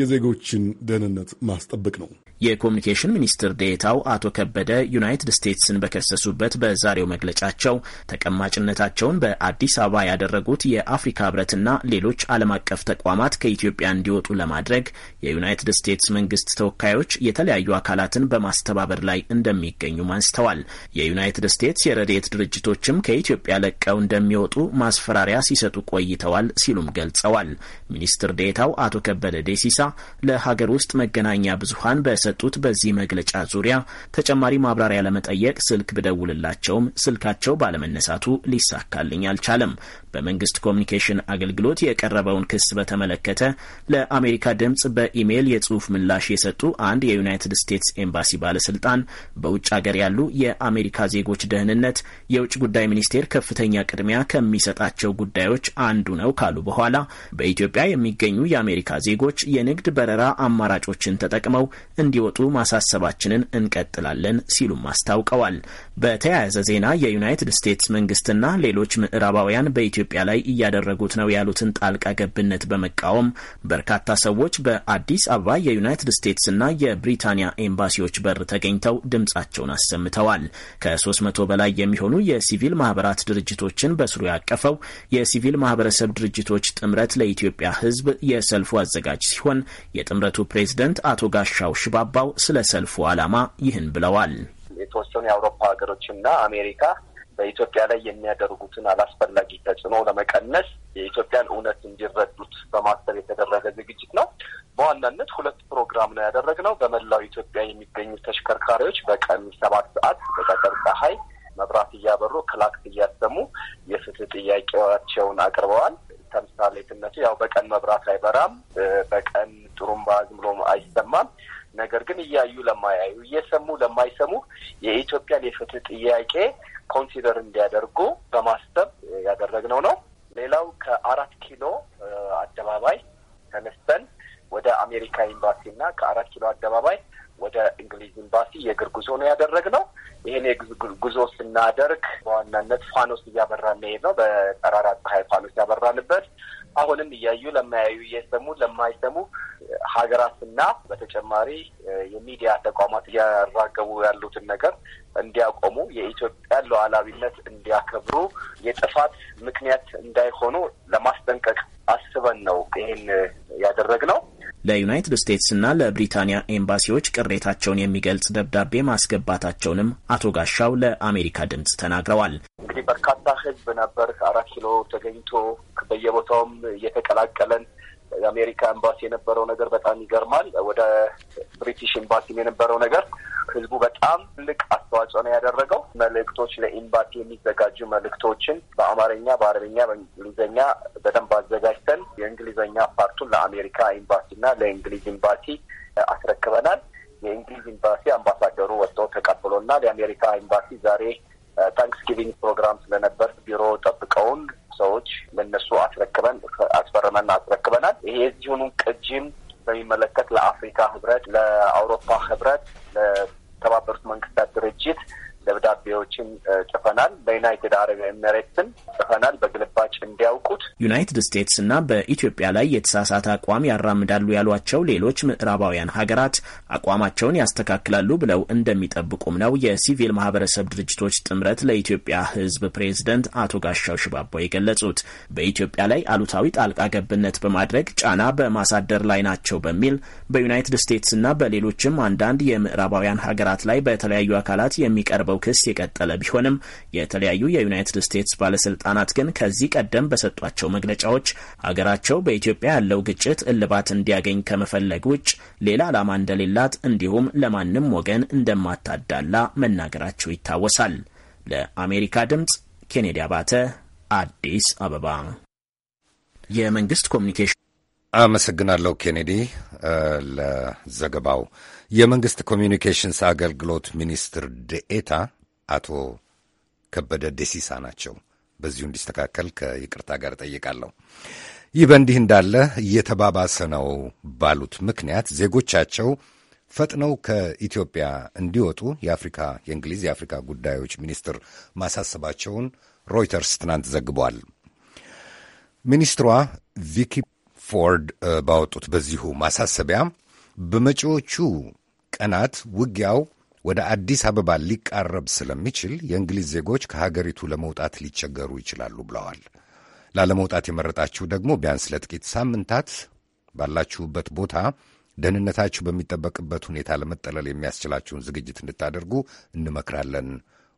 የዜጎችን ደህንነት ማስጠበቅ ነው። የኮሚኒኬሽን ሚኒስትር ዴታው አቶ ከበደ ዩናይትድ ስቴትስን በከሰሱበት በዛሬው መግለጫቸው ተቀማጭነታቸውን በአዲስ አበባ ያደረጉት የአፍሪካ ህብረትና ሌሎች ዓለም አቀፍ ተቋማት ከኢትዮጵያ እንዲወጡ ለማድረግ የዩናይትድ ስቴትስ መንግስት ተወካዮች የተለያዩ አካላትን በማስተባበር ላይ እንደሚገኙም አንስተዋል። የዩናይትድ ስቴትስ የረድኤት ድርጅቶችም ከኢትዮጵያ ለቀው እንደሚወጡ ማስፈራሪያ ሲሰጡ ቆይተዋል ሲሉም ገልጸዋል። ሚኒስትር ዴታው አቶ ከበደ ዴሲሳ ለሀገር ውስጥ መገናኛ ብዙሀን በ በሰጡት በዚህ መግለጫ ዙሪያ ተጨማሪ ማብራሪያ ለመጠየቅ ስልክ ብደውልላቸውም ስልካቸው ባለመነሳቱ ሊሳካልኝ አልቻለም። በመንግስት ኮሚኒኬሽን አገልግሎት የቀረበውን ክስ በተመለከተ ለአሜሪካ ድምፅ በኢሜይል የጽሁፍ ምላሽ የሰጡ አንድ የዩናይትድ ስቴትስ ኤምባሲ ባለስልጣን በውጭ ሀገር ያሉ የአሜሪካ ዜጎች ደህንነት የውጭ ጉዳይ ሚኒስቴር ከፍተኛ ቅድሚያ ከሚሰጣቸው ጉዳዮች አንዱ ነው ካሉ በኋላ በኢትዮጵያ የሚገኙ የአሜሪካ ዜጎች የንግድ በረራ አማራጮችን ተጠቅመው እንዲ እንዲወጡ ማሳሰባችንን እንቀጥላለን ሲሉም አስታውቀዋል። በተያያዘ ዜና የዩናይትድ ስቴትስ መንግስትና ሌሎች ምዕራባውያን በኢትዮጵያ ላይ እያደረጉት ነው ያሉትን ጣልቃ ገብነት በመቃወም በርካታ ሰዎች በአዲስ አበባ የዩናይትድ ስቴትስና የብሪታንያ ኤምባሲዎች በር ተገኝተው ድምጻቸውን አሰምተዋል። ከ300 በላይ የሚሆኑ የሲቪል ማህበራት ድርጅቶችን በስሩ ያቀፈው የሲቪል ማህበረሰብ ድርጅቶች ጥምረት ለኢትዮጵያ ሕዝብ የሰልፉ አዘጋጅ ሲሆን የጥምረቱ ፕሬዝደንት አቶ ጋሻው ሽባባው ስለ ሰልፉ ዓላማ ይህን ብለዋል። የተወሰኑ የአውሮፓ ሀገሮችና አሜሪካ በኢትዮጵያ ላይ የሚያደርጉትን አላስፈላጊ ተጽዕኖ ለመቀነስ የኢትዮጵያን እውነት እንዲረዱት በማሰብ የተደረገ ዝግጅት ነው። በዋናነት ሁለት ፕሮግራም ነው ያደረግነው። በመላው ኢትዮጵያ የሚገኙ ተሽከርካሪዎች በቀን ሰባት ሰዓት በቀጠር ፀሐይ መብራት እያበሩ ክላክ እያሰሙ የፍትህ ጥያቄያቸውን አቅርበዋል። ተምሳሌትነቱ ያው በቀን መብራት አይበራም፣ በቀን ጥሩምባ ዝም ብሎ አይሰማም። ነገር ግን እያዩ ለማያዩ እየሰሙ ለማይሰሙ የኢትዮጵያን የፍትህ ጥያቄ ኮንሲደር እንዲያደርጉ በማሰብ ያደረግነው ነው። ሌላው ከአራት ኪሎ አደባባይ ተነስተን ወደ አሜሪካ ኤምባሲ እና ከአራት ኪሎ አደባባይ ወደ እንግሊዝ ኤምባሲ የእግር ጉዞ ነው ያደረግነው። ይህን የእግር ጉዞ ስናደርግ በዋናነት ፋኖስ እያበራን መሄድ ነው። በጠራራ ፀሐይ ፋኖስ ያበራንበት አሁንም እያዩ ለማያዩ እየሰሙ ለማይሰሙ በተጨማሪ የሚዲያ ተቋማት እያራገቡ ያሉትን ነገር እንዲያቆሙ፣ የኢትዮጵያ ሉዓላዊነት እንዲያከብሩ፣ የጥፋት ምክንያት እንዳይሆኑ ለማስጠንቀቅ አስበን ነው ይህን ያደረግነው። ለዩናይትድ ስቴትስና ለብሪታንያ ኤምባሲዎች ቅሬታቸውን የሚገልጽ ደብዳቤ ማስገባታቸውንም አቶ ጋሻው ለአሜሪካ ድምጽ ተናግረዋል። እንግዲህ በርካታ ሕዝብ ነበር አራት ኪሎ ተገኝቶ በየቦታውም እየተቀላቀለን የአሜሪካ ኤምባሲ የነበረው ነገር በጣም ይገርማል። ወደ ብሪቲሽ ኤምባሲም የነበረው ነገር ህዝቡ በጣም ትልቅ አስተዋጽኦ ነው ያደረገው። መልእክቶች ለኤምባሲ የሚዘጋጁ መልእክቶችን በአማርኛ፣ በአረብኛ፣ በእንግሊዝኛ በደንብ አዘጋጅተን የእንግሊዝኛ ፓርቱን ለአሜሪካ ኤምባሲና ለእንግሊዝ ኤምባሲ አስረክበናል። የእንግሊዝ ኤምባሲ አምባሳደሩ ወጥቶ ተቀብሎናል። የአሜሪካ ኤምባሲ ዛሬ ለአውሮፓ ህብረት፣ ለተባበሩት መንግስታት ድርጅት ደብዳቤዎችን ጽፈናል። በዩናይትድ አረብ ኤምሬትስን ጽፈናል በግልባጭ እንዲያውቁት። ዩናይትድ ስቴትስ እና በኢትዮጵያ ላይ የተሳሳተ አቋም ያራምዳሉ ያሏቸው ሌሎች ምዕራባውያን ሀገራት አቋማቸውን ያስተካክላሉ ብለው እንደሚጠብቁም ነው የሲቪል ማህበረሰብ ድርጅቶች ጥምረት ለኢትዮጵያ ሕዝብ ፕሬዝደንት አቶ ጋሻው ሽባባው የገለጹት። በኢትዮጵያ ላይ አሉታዊ ጣልቃ ገብነት በማድረግ ጫና በማሳደር ላይ ናቸው በሚል በዩናይትድ ስቴትስና በሌሎችም አንዳንድ የምዕራባውያን ሀገራት ላይ በተለያዩ አካላት የሚቀርበው ክስ የቀጠለ ቢሆንም የተለያዩ የዩናይትድ ስቴትስ ባለስልጣናት ግን ከዚህ ቀደም በሰጧቸው መግለጫዎች ሀገራቸው በኢትዮጵያ ያለው ግጭት እልባት እንዲያገኝ ከመፈለግ ውጭ ሌላ ዓላማ እንደሌላት እንዲሁም ለማንም ወገን እንደማታዳላ መናገራቸው ይታወሳል። ለአሜሪካ ድምፅ ኬኔዲ አባተ አዲስ አበባ የመንግስት ኮሚኒኬሽን አመሰግናለሁ ኬኔዲ ለዘገባው። የመንግስት ኮሚኒኬሽንስ አገልግሎት ሚኒስትር ደኤታ አቶ ከበደ ደሲሳ ናቸው። በዚሁ እንዲስተካከል ከይቅርታ ጋር እጠይቃለሁ። ይህ በእንዲህ እንዳለ እየተባባሰ ነው ባሉት ምክንያት ዜጎቻቸው ፈጥነው ከኢትዮጵያ እንዲወጡ የአፍሪካ የእንግሊዝ የአፍሪካ ጉዳዮች ሚኒስትር ማሳሰባቸውን ሮይተርስ ትናንት ዘግቧል። ሚኒስትሯ ቪኪ ፎርድ ባወጡት በዚሁ ማሳሰቢያ በመጪዎቹ ቀናት ውጊያው ወደ አዲስ አበባ ሊቃረብ ስለሚችል የእንግሊዝ ዜጎች ከሀገሪቱ ለመውጣት ሊቸገሩ ይችላሉ ብለዋል። ላለመውጣት የመረጣችሁ ደግሞ ቢያንስ ለጥቂት ሳምንታት ባላችሁበት ቦታ ደህንነታችሁ በሚጠበቅበት ሁኔታ ለመጠለል የሚያስችላችሁን ዝግጅት እንድታደርጉ እንመክራለን።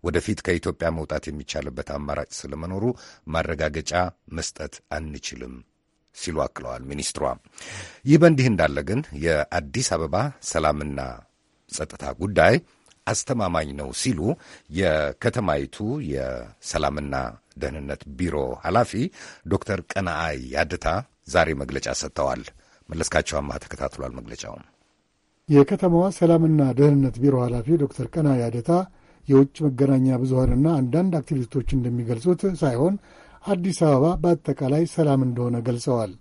ወደፊት ከኢትዮጵያ መውጣት የሚቻልበት አማራጭ ስለመኖሩ ማረጋገጫ መስጠት አንችልም ሲሉ አክለዋል ሚኒስትሯ። ይህ በእንዲህ እንዳለ ግን የአዲስ አበባ ሰላምና ጸጥታ ጉዳይ አስተማማኝ ነው ሲሉ የከተማይቱ የሰላምና ደህንነት ቢሮ ኃላፊ ዶክተር ቀናአይ ያድታ ዛሬ መግለጫ ሰጥተዋል። መለስካቸው ተከታትሏል መግለጫውም። የከተማዋ ሰላምና ደህንነት ቢሮ ኃላፊ ዶክተር ቀና ያደታ የውጭ መገናኛ ብዙሀንና አንዳንድ አክቲቪስቶች እንደሚገልጹት ሳይሆን አዲስ አበባ በአጠቃላይ ሰላም እንደሆነ ገልጸዋል።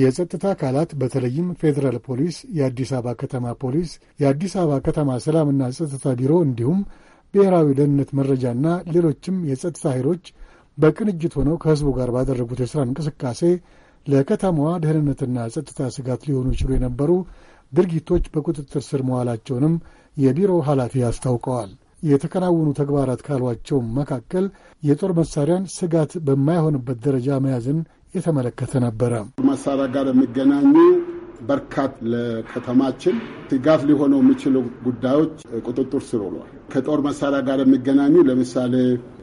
የጸጥታ አካላት በተለይም ፌዴራል ፖሊስ፣ የአዲስ አበባ ከተማ ፖሊስ፣ የአዲስ አበባ ከተማ ሰላምና ጸጥታ ቢሮ እንዲሁም ብሔራዊ ደህንነት መረጃና ሌሎችም የጸጥታ ኃይሎች በቅንጅት ሆነው ከህዝቡ ጋር ባደረጉት የሥራ እንቅስቃሴ ለከተማዋ ደህንነትና ጸጥታ ስጋት ሊሆኑ ይችሉ የነበሩ ድርጊቶች በቁጥጥር ስር መዋላቸውንም የቢሮው ኃላፊ አስታውቀዋል። የተከናወኑ ተግባራት ካሏቸውም መካከል የጦር መሳሪያን ስጋት በማይሆንበት ደረጃ መያዝን የተመለከተ ነበረ። መሳሪያ ጋር የሚገናኙ በርካት ለከተማችን ስጋት ሊሆነው የሚችሉ ጉዳዮች ቁጥጥር ስር ውሏል። ከጦር መሳሪያ ጋር የሚገናኙ ለምሳሌ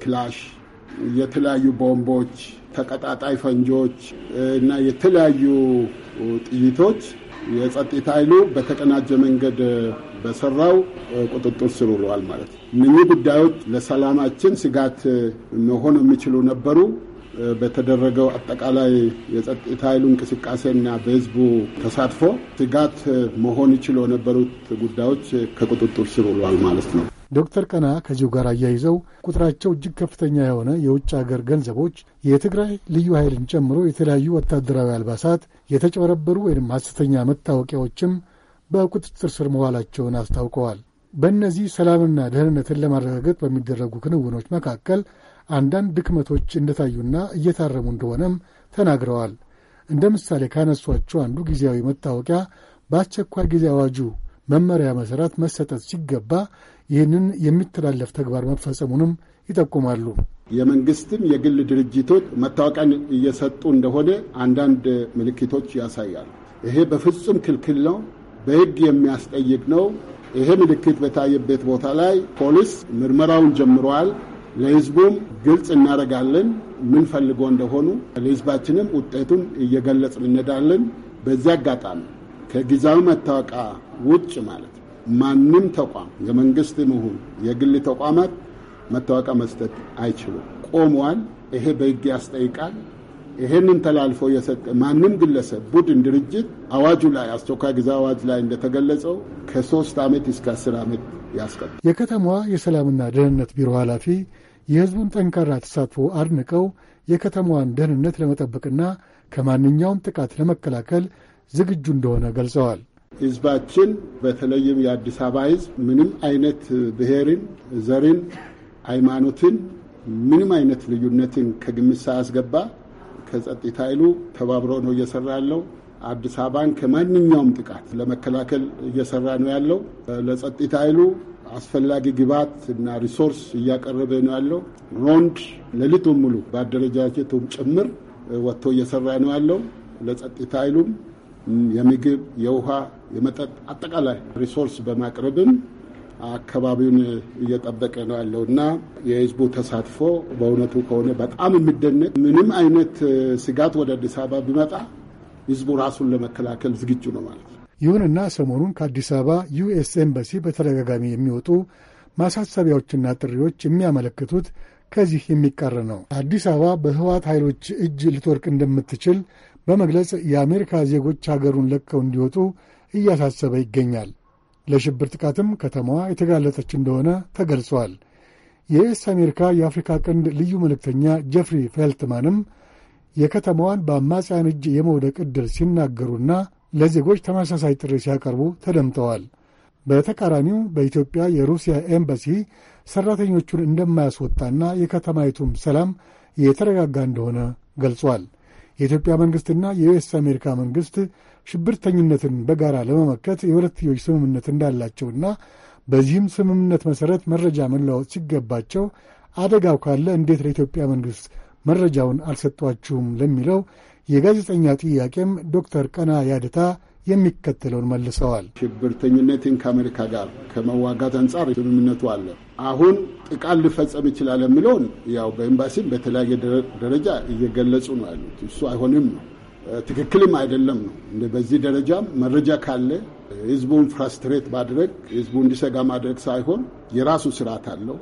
ክላሽ የተለያዩ ቦምቦች፣ ተቀጣጣይ ፈንጆች እና የተለያዩ ጥይቶች የጸጥታ ኃይሉ በተቀናጀ መንገድ በሰራው ቁጥጥር ስር ውለዋል ማለት ነው። እነኚህ ጉዳዮች ለሰላማችን ስጋት መሆን የሚችሉ ነበሩ። በተደረገው አጠቃላይ የጸጥታ ኃይሉ እንቅስቃሴና በህዝቡ ተሳትፎ ስጋት መሆን ይችሉ የነበሩት ጉዳዮች ከቁጥጥር ስር ውለዋል ማለት ነው። ዶክተር ቀና ከዚሁ ጋር አያይዘው ቁጥራቸው እጅግ ከፍተኛ የሆነ የውጭ አገር ገንዘቦች የትግራይ ልዩ ኃይልን ጨምሮ የተለያዩ ወታደራዊ አልባሳት፣ የተጨበረበሩ ወይም ሐሰተኛ መታወቂያዎችም በቁጥጥር ስር መዋላቸውን አስታውቀዋል። በእነዚህ ሰላምና ደህንነትን ለማረጋገጥ በሚደረጉ ክንውኖች መካከል አንዳንድ ድክመቶች እንደታዩና እየታረሙ እንደሆነም ተናግረዋል። እንደ ምሳሌ ካነሷቸው አንዱ ጊዜያዊ መታወቂያ በአስቸኳይ ጊዜ አዋጁ መመሪያ መሠረት መሰጠት ሲገባ ይህንን የሚተላለፍ ተግባር መፈጸሙንም ይጠቁማሉ። የመንግስትም የግል ድርጅቶች መታወቂያን እየሰጡ እንደሆነ አንዳንድ ምልክቶች ያሳያሉ። ይሄ በፍጹም ክልክል ነው፣ በህግ የሚያስጠይቅ ነው። ይሄ ምልክት በታየበት ቦታ ላይ ፖሊስ ምርመራውን ጀምረዋል። ለህዝቡም ግልጽ እናደርጋለን ምን ፈልጎ እንደሆኑ ለህዝባችንም ውጤቱን እየገለጽ እንሄዳለን። በዚህ አጋጣሚ ከጊዜያዊ መታወቂያ ውጭ ማለት ነው ማንም ተቋም የመንግስት ምሁን የግል ተቋማት መታወቂያ መስጠት አይችሉም። ቆሟል። ይሄ በህግ ያስጠይቃል። ይሄንን ተላልፎ የሰጠ ማንም ግለሰብ፣ ቡድን፣ ድርጅት አዋጁ ላይ አስቸኳይ ጊዜ አዋጅ ላይ እንደተገለጸው ከሶስት ዓመት እስከ አስር ዓመት ያስቀጣል። የከተማዋ የሰላምና ደህንነት ቢሮ ኃላፊ የህዝቡን ጠንካራ ተሳትፎ አድንቀው የከተማዋን ደህንነት ለመጠበቅና ከማንኛውም ጥቃት ለመከላከል ዝግጁ እንደሆነ ገልጸዋል። ህዝባችን በተለይም የአዲስ አበባ ህዝብ ምንም አይነት ብሔርን፣ ዘርን፣ ሃይማኖትን ምንም አይነት ልዩነትን ከግምት ሳያስገባ ከጸጥታ ኃይሉ ተባብሮ ነው እየሰራ ያለው። አዲስ አበባን ከማንኛውም ጥቃት ለመከላከል እየሰራ ነው ያለው። ለጸጥታ ኃይሉ አስፈላጊ ግብዓት እና ሪሶርስ እያቀረበ ነው ያለው። ሮንድ ሌሊቱን ሙሉ በአደረጃጀቱም ጭምር ወጥቶ እየሰራ ነው ያለው። ለጸጥታ ኃይሉም የምግብ፣ የውሃ፣ የመጠጥ አጠቃላይ ሪሶርስ በማቅረብም አካባቢውን እየጠበቀ ነው ያለው እና የህዝቡ ተሳትፎ በእውነቱ ከሆነ በጣም የሚደነቅ ምንም አይነት ስጋት ወደ አዲስ አበባ ቢመጣ ህዝቡ ራሱን ለመከላከል ዝግጁ ነው ማለት ነው። ይሁንና ሰሞኑን ከአዲስ አበባ ዩኤስ ኤምባሲ በተደጋጋሚ የሚወጡ ማሳሰቢያዎችና ጥሪዎች የሚያመለክቱት ከዚህ የሚቀር ነው። አዲስ አበባ በህወሓት ኃይሎች እጅ ልትወርቅ እንደምትችል በመግለጽ የአሜሪካ ዜጎች ሀገሩን ለቀው እንዲወጡ እያሳሰበ ይገኛል። ለሽብር ጥቃትም ከተማዋ የተጋለጠች እንደሆነ ተገልጿል። የዩኤስ አሜሪካ የአፍሪካ ቀንድ ልዩ መልእክተኛ ጀፍሪ ፌልትማንም የከተማዋን በአማጽያን እጅ የመውደቅ ዕድል ሲናገሩና ለዜጎች ተመሳሳይ ጥሪ ሲያቀርቡ ተደምጠዋል። በተቃራኒው በኢትዮጵያ የሩሲያ ኤምባሲ ሠራተኞቹን እንደማያስወጣና የከተማይቱም ሰላም የተረጋጋ እንደሆነ ገልጿል። የኢትዮጵያ መንግሥትና የዩኤስ አሜሪካ መንግሥት ሽብርተኝነትን በጋራ ለመመከት የሁለትዮሽ ስምምነት እንዳላቸውና በዚህም ስምምነት መሠረት መረጃ መለዋወጥ ሲገባቸው አደጋው ካለ እንዴት ለኢትዮጵያ መንግሥት መረጃውን አልሰጧችሁም ለሚለው የጋዜጠኛ ጥያቄም ዶክተር ቀና ያደታ የሚከተለውን መልሰዋል። ሽብርተኝነትን ከአሜሪካ ጋር ከመዋጋት አንጻር ስምምነቱ አለ። አሁን ጥቃት ልፈጸም ይችላል የሚለውን ያው በኤምባሲም በተለያየ ደረጃ እየገለጹ ነው ያሉት። እሱ አይሆንም ነው ትክክልም አይደለም ነው። በዚህ ደረጃም መረጃ ካለ ህዝቡን ፍራስትሬት ማድረግ ህዝቡ እንዲሰጋ ማድረግ ሳይሆን የራሱ ስርዓት አለው።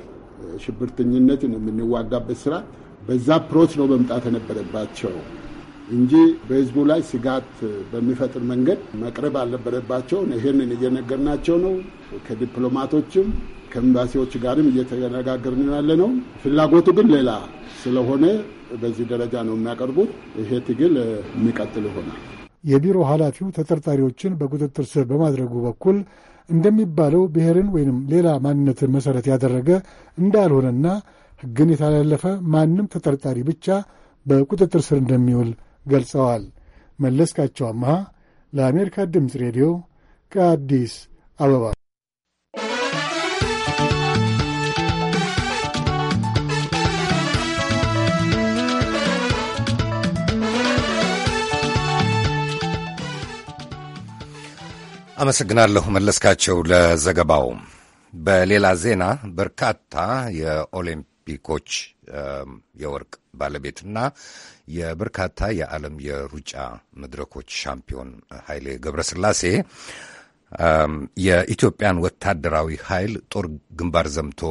ሽብርተኝነትን የምንዋጋበት ስርዓት በዛ ፕሮች ነው መምጣት የነበረባቸው እንጂ በህዝቡ ላይ ስጋት በሚፈጥር መንገድ መቅረብ አልነበረባቸው። ይህንን እየነገርናቸው ነው። ከዲፕሎማቶችም ከኤምባሲዎች ጋርም እየተነጋገርን ያለ ነው። ፍላጎቱ ግን ሌላ ስለሆነ በዚህ ደረጃ ነው የሚያቀርቡት። ይሄ ትግል የሚቀጥል ይሆናል። የቢሮ ኃላፊው ተጠርጣሪዎችን በቁጥጥር ስር በማድረጉ በኩል እንደሚባለው ብሔርን ወይንም ሌላ ማንነትን መሠረት ያደረገ እንዳልሆነና ሕግን የተላለፈ ማንም ተጠርጣሪ ብቻ በቁጥጥር ስር እንደሚውል ገልጸዋል። መለስካቸው አመሃ ለአሜሪካ ድምፅ ሬዲዮ ከአዲስ አበባ አመሰግናለሁ መለስካቸው ለዘገባው። በሌላ ዜና በርካታ የኦሊምፒኮች የወርቅ ባለቤትና የበርካታ የዓለም የሩጫ መድረኮች ሻምፒዮን ኃይሌ ገብረስላሴ የኢትዮጵያን ወታደራዊ ኃይል ጦር ግንባር ዘምቶ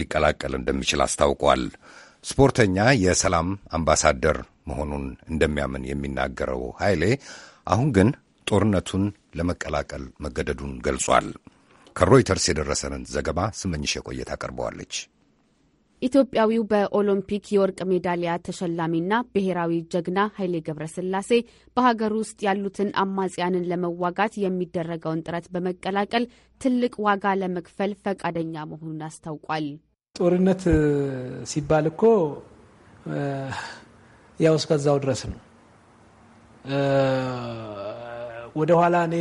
ሊቀላቀል እንደሚችል አስታውቋል። ስፖርተኛ የሰላም አምባሳደር መሆኑን እንደሚያምን የሚናገረው ኃይሌ አሁን ግን ጦርነቱን ለመቀላቀል መገደዱን ገልጿል። ከሮይተርስ የደረሰንን ዘገባ ስመኝሽ የቆየት አቀርበዋለች። ኢትዮጵያዊው በኦሎምፒክ የወርቅ ሜዳሊያ ተሸላሚና ብሔራዊ ጀግና ኃይሌ ገብረስላሴ በሀገር ውስጥ ያሉትን አማጽያንን ለመዋጋት የሚደረገውን ጥረት በመቀላቀል ትልቅ ዋጋ ለመክፈል ፈቃደኛ መሆኑን አስታውቋል። ጦርነት ሲባል እኮ ያው እስከዛው ድረስ ነው። ወደኋላ እኔ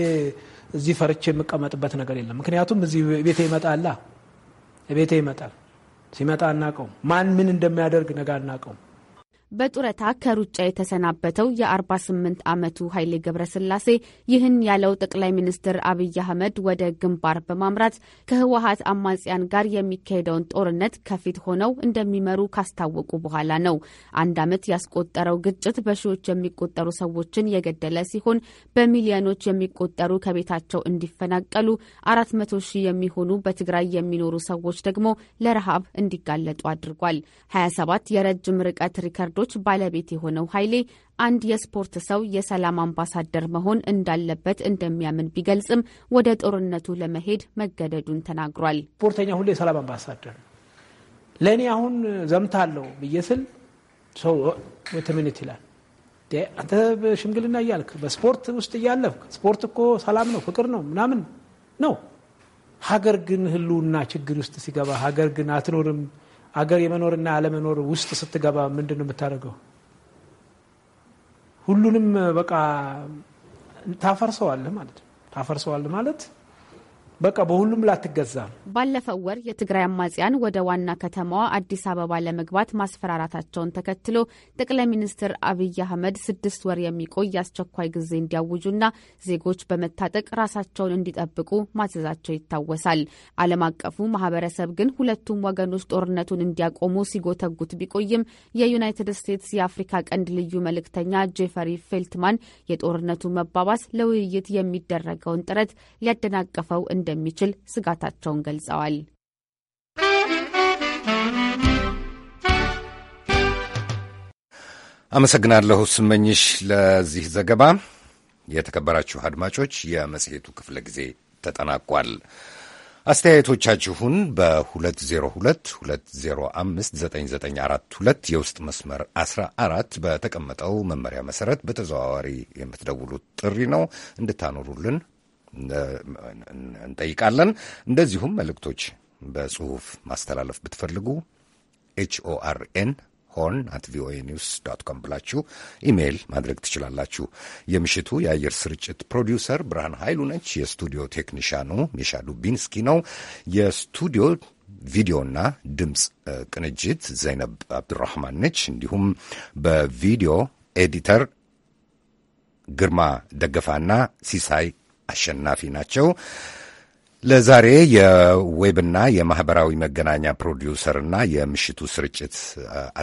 እዚህ ፈርቼ የምቀመጥበት ነገር የለም። ምክንያቱም እዚህ ቤቴ ይመጣላ ቤቴ ይመጣል ሲመጣ አናቀውም። ማን ምን እንደሚያደርግ ነገ አናቀውም። በጡረታ ከሩጫ የተሰናበተው የ48 ዓመቱ ኃይሌ ገብረስላሴ ይህን ያለው ጠቅላይ ሚኒስትር አብይ አህመድ ወደ ግንባር በማምራት ከህወሀት አማጽያን ጋር የሚካሄደውን ጦርነት ከፊት ሆነው እንደሚመሩ ካስታወቁ በኋላ ነው። አንድ ዓመት ያስቆጠረው ግጭት በሺዎች የሚቆጠሩ ሰዎችን የገደለ ሲሆን በሚሊዮኖች የሚቆጠሩ ከቤታቸው እንዲፈናቀሉ፣ 400 ሺህ የሚሆኑ በትግራይ የሚኖሩ ሰዎች ደግሞ ለረሃብ እንዲጋለጡ አድርጓል። 27 የረጅም ርቀት ሪከርዶ ልምዶች ባለቤት የሆነው ኃይሌ አንድ የስፖርት ሰው የሰላም አምባሳደር መሆን እንዳለበት እንደሚያምን ቢገልጽም ወደ ጦርነቱ ለመሄድ መገደዱን ተናግሯል። ስፖርተኛ ሁሌ የሰላም አምባሳደር ነው። ለእኔ አሁን ዘምታለሁ ብዬ ስል ሰው ትምንት ይላል። አንተ ሽምግልና እያልክ በስፖርት ውስጥ እያለፍክ ስፖርት እኮ ሰላም ነው፣ ፍቅር ነው፣ ምናምን ነው። ሀገር ግን ህልውና ችግር ውስጥ ሲገባ ሀገር ግን አትኖርም አገር የመኖርና ያለመኖር ውስጥ ስትገባ ምንድን ነው የምታደርገው? ሁሉንም በቃ ታፈርሰዋለህ ማለት ነው። ታፈርሰዋለህ ማለት በቃ በሁሉም ላትገዛ። ባለፈው ወር የትግራይ አማጽያን ወደ ዋና ከተማዋ አዲስ አበባ ለመግባት ማስፈራራታቸውን ተከትሎ ጠቅላይ ሚኒስትር አብይ አህመድ ስድስት ወር የሚቆይ የአስቸኳይ ጊዜ እንዲያውጁና ዜጎች በመታጠቅ ራሳቸውን እንዲጠብቁ ማዘዛቸው ይታወሳል። ዓለም አቀፉ ማህበረሰብ ግን ሁለቱም ወገኖች ጦርነቱን እንዲያቆሙ ሲጎተጉት ቢቆይም የዩናይትድ ስቴትስ የአፍሪካ ቀንድ ልዩ መልእክተኛ ጄፈሪ ፌልትማን የጦርነቱ መባባስ ለውይይት የሚደረገውን ጥረት ሊያደናቀፈው እንደ እንደሚችል ስጋታቸውን ገልጸዋል። አመሰግናለሁ ስመኝሽ ለዚህ ዘገባ። የተከበራችሁ አድማጮች የመጽሔቱ ክፍለ ጊዜ ተጠናቋል። አስተያየቶቻችሁን በ2022059942 የውስጥ መስመር 14 በተቀመጠው መመሪያ መሰረት በተዘዋዋሪ የምትደውሉት ጥሪ ነው እንድታኖሩልን እንጠይቃለን። እንደዚሁም መልእክቶች በጽሁፍ ማስተላለፍ ብትፈልጉ ኤችኦአርኤን ሆን አት ቪኦኤ ኒውስ ዶት ኮም ብላችሁ ኢሜይል ማድረግ ትችላላችሁ። የምሽቱ የአየር ስርጭት ፕሮዲውሰር ብርሃን ኃይሉ ነች። የስቱዲዮ ቴክኒሻኑ ሚሻ ዱቢንስኪ ነው። የስቱዲዮ ቪዲዮና ድምፅ ቅንጅት ዘይነብ አብዱራህማን ነች። እንዲሁም በቪዲዮ ኤዲተር ግርማ ደገፋና ሲሳይ አሸናፊ ናቸው። ለዛሬ የዌብና የማህበራዊ መገናኛ ፕሮዲውሰርና የምሽቱ ስርጭት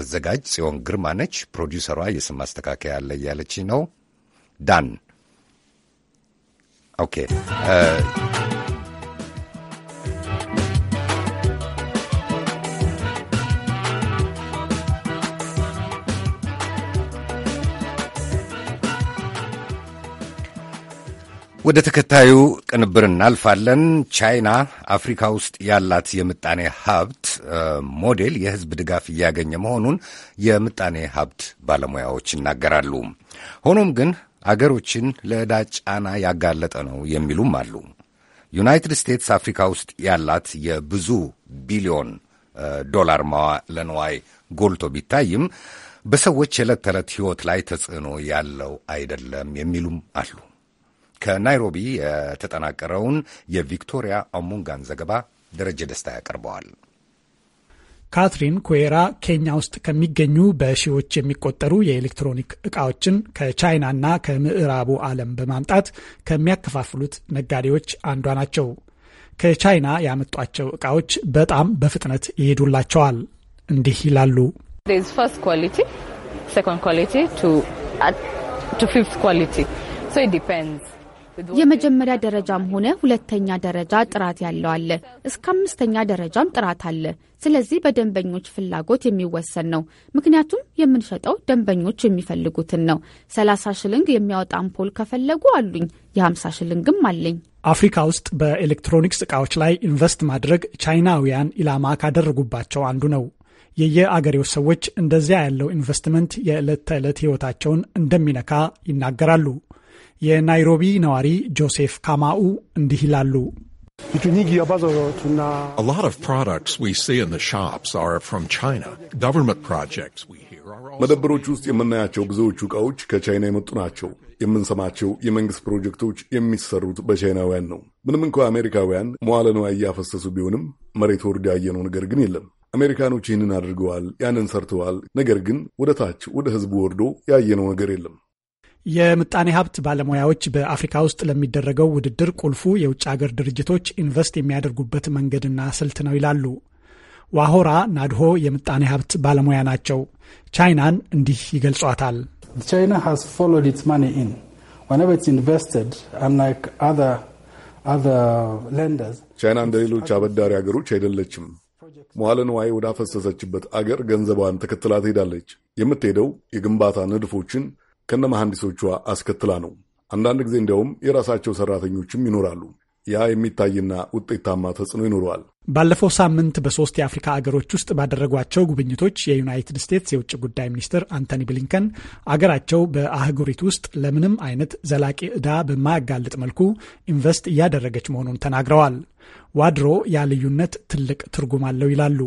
አዘጋጅ ጽዮን ግርማ ነች። ፕሮዲውሰሯ የስም ማስተካከያ አለ እያለች ነው። ዳን ኦኬ ወደ ተከታዩ ቅንብር እናልፋለን። ቻይና አፍሪካ ውስጥ ያላት የምጣኔ ሀብት ሞዴል የሕዝብ ድጋፍ እያገኘ መሆኑን የምጣኔ ሀብት ባለሙያዎች ይናገራሉ። ሆኖም ግን አገሮችን ለዕዳ ጫና ያጋለጠ ነው የሚሉም አሉ። ዩናይትድ ስቴትስ አፍሪካ ውስጥ ያላት የብዙ ቢሊዮን ዶላር መዋዕለ ንዋይ ጎልቶ ቢታይም በሰዎች የዕለት ተዕለት ሕይወት ላይ ተጽዕኖ ያለው አይደለም የሚሉም አሉ። ከናይሮቢ የተጠናቀረውን የቪክቶሪያ አሙንጋን ዘገባ ደረጀ ደስታ ያቀርበዋል። ካትሪን ኩዌራ ኬንያ ውስጥ ከሚገኙ በሺዎች የሚቆጠሩ የኤሌክትሮኒክ እቃዎችን ከቻይናና ከምዕራቡ ዓለም በማምጣት ከሚያከፋፍሉት ነጋዴዎች አንዷ ናቸው። ከቻይና ያመጧቸው እቃዎች በጣም በፍጥነት ይሄዱላቸዋል። እንዲህ ይላሉ። ኳሊቲ የመጀመሪያ ደረጃም ሆነ ሁለተኛ ደረጃ ጥራት ያለው አለ። እስከ አምስተኛ ደረጃም ጥራት አለ። ስለዚህ በደንበኞች ፍላጎት የሚወሰን ነው። ምክንያቱም የምንሸጠው ደንበኞች የሚፈልጉትን ነው። ሰላሳ ሽልንግ የሚያወጣ አምፖል ከፈለጉ አሉኝ፣ የ50 ሽልንግም አለኝ። አፍሪካ ውስጥ በኤሌክትሮኒክስ ዕቃዎች ላይ ኢንቨስት ማድረግ ቻይናውያን ኢላማ ካደረጉባቸው አንዱ ነው። የየአገሬው ሰዎች እንደዚያ ያለው ኢንቨስትመንት የዕለት ተዕለት ሕይወታቸውን እንደሚነካ ይናገራሉ። የናይሮቢ ነዋሪ ጆሴፍ ካማኡ እንዲህ ይላሉ። A lot of products we see in the shops are from China. Government projects we hear are also... መደብሮች ውስጥ የምናያቸው ብዙዎቹ እቃዎች ከቻይና የመጡ ናቸው። የምንሰማቸው የመንግሥት ፕሮጀክቶች የሚሰሩት በቻይናውያን ነው። ምንም እንኳ አሜሪካውያን መዋለ ንዋይ እያፈሰሱ ቢሆንም መሬት ወርዶ ያየነው ነገር ግን የለም። አሜሪካኖች ይህንን አድርገዋል፣ ያንን ሰርተዋል፣ ነገር ግን ወደ ታች ወደ ህዝቡ ወርዶ ያየነው ነገር የለም። የምጣኔ ሀብት ባለሙያዎች በአፍሪካ ውስጥ ለሚደረገው ውድድር ቁልፉ የውጭ ሀገር ድርጅቶች ኢንቨስት የሚያደርጉበት መንገድና ስልት ነው ይላሉ። ዋሆራ ናድሆ የምጣኔ ሀብት ባለሙያ ናቸው። ቻይናን እንዲህ ይገልጿታል። ቻይና ሃዝ ፎሎድ ኢትስ ማኒ ኢን ወነቨር ኢትስ ኢንቨስትድ አንላይክ አዘር ቻይና እንደ ሌሎች አበዳሪ ሀገሮች አይደለችም። መዋለ ንዋይ ወዳፈሰሰችበት አገር ገንዘቧን ተከትላ ትሄዳለች። የምትሄደው የግንባታ ንድፎችን ከነ መሐንዲሶቿ አስከትላ ነው። አንዳንድ ጊዜ እንዲያውም የራሳቸው ሰራተኞችም ይኖራሉ። ያ የሚታይና ውጤታማ ተጽዕኖ ይኖረዋል። ባለፈው ሳምንት በሶስት የአፍሪካ አገሮች ውስጥ ባደረጓቸው ጉብኝቶች የዩናይትድ ስቴትስ የውጭ ጉዳይ ሚኒስትር አንቶኒ ብሊንከን አገራቸው በአህጉሪት ውስጥ ለምንም አይነት ዘላቂ ዕዳ በማያጋልጥ መልኩ ኢንቨስት እያደረገች መሆኑን ተናግረዋል። ዋድሮ ያ ልዩነት ትልቅ ትርጉም አለው ይላሉ።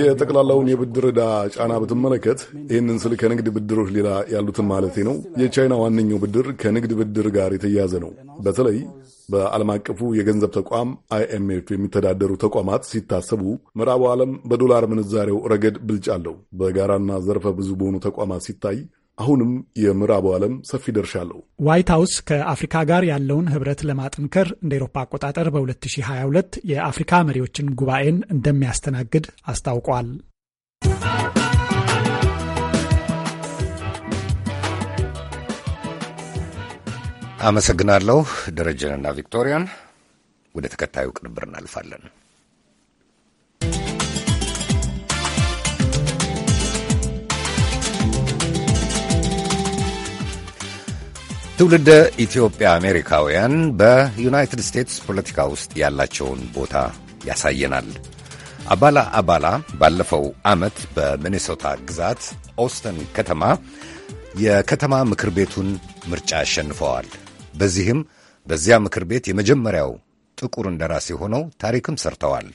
የጠቅላላውን uh, የብድር ዕዳ ጫና ብትመለከት ይህንን ስል ከንግድ ብድሮች ሌላ ያሉትን ማለቴ ነው። የቻይና ዋነኛው ብድር ከንግድ ብድር ጋር የተያያዘ ነው። በተለይ በዓለም አቀፉ የገንዘብ ተቋም አይኤምኤፍ የሚተዳደሩ ተቋማት ሲታሰቡ ምዕራቡ ዓለም በዶላር ምንዛሬው ረገድ ብልጫ አለው። በጋራና ዘርፈ ብዙ በሆኑ ተቋማት ሲታይ አሁንም የምዕራቡ ዓለም ሰፊ ድርሻ አለው። ዋይት ሀውስ ከአፍሪካ ጋር ያለውን ህብረት ለማጠንከር እንደ ኤሮፓ አቆጣጠር በ2022 የአፍሪካ መሪዎችን ጉባኤን እንደሚያስተናግድ አስታውቋል። አመሰግናለሁ ደረጀንና ቪክቶሪያን። ወደ ተከታዩ ቅንብር እናልፋለን። ትውልደ ኢትዮጵያ አሜሪካውያን በዩናይትድ ስቴትስ ፖለቲካ ውስጥ ያላቸውን ቦታ ያሳየናል። አባላ አባላ ባለፈው ዓመት በሚኔሶታ ግዛት ኦስተን ከተማ የከተማ ምክር ቤቱን ምርጫ አሸንፈዋል። በዚህም በዚያ ምክር ቤት የመጀመሪያው ጥቁር እንደራሴ ሆነው ታሪክም ሰርተዋል።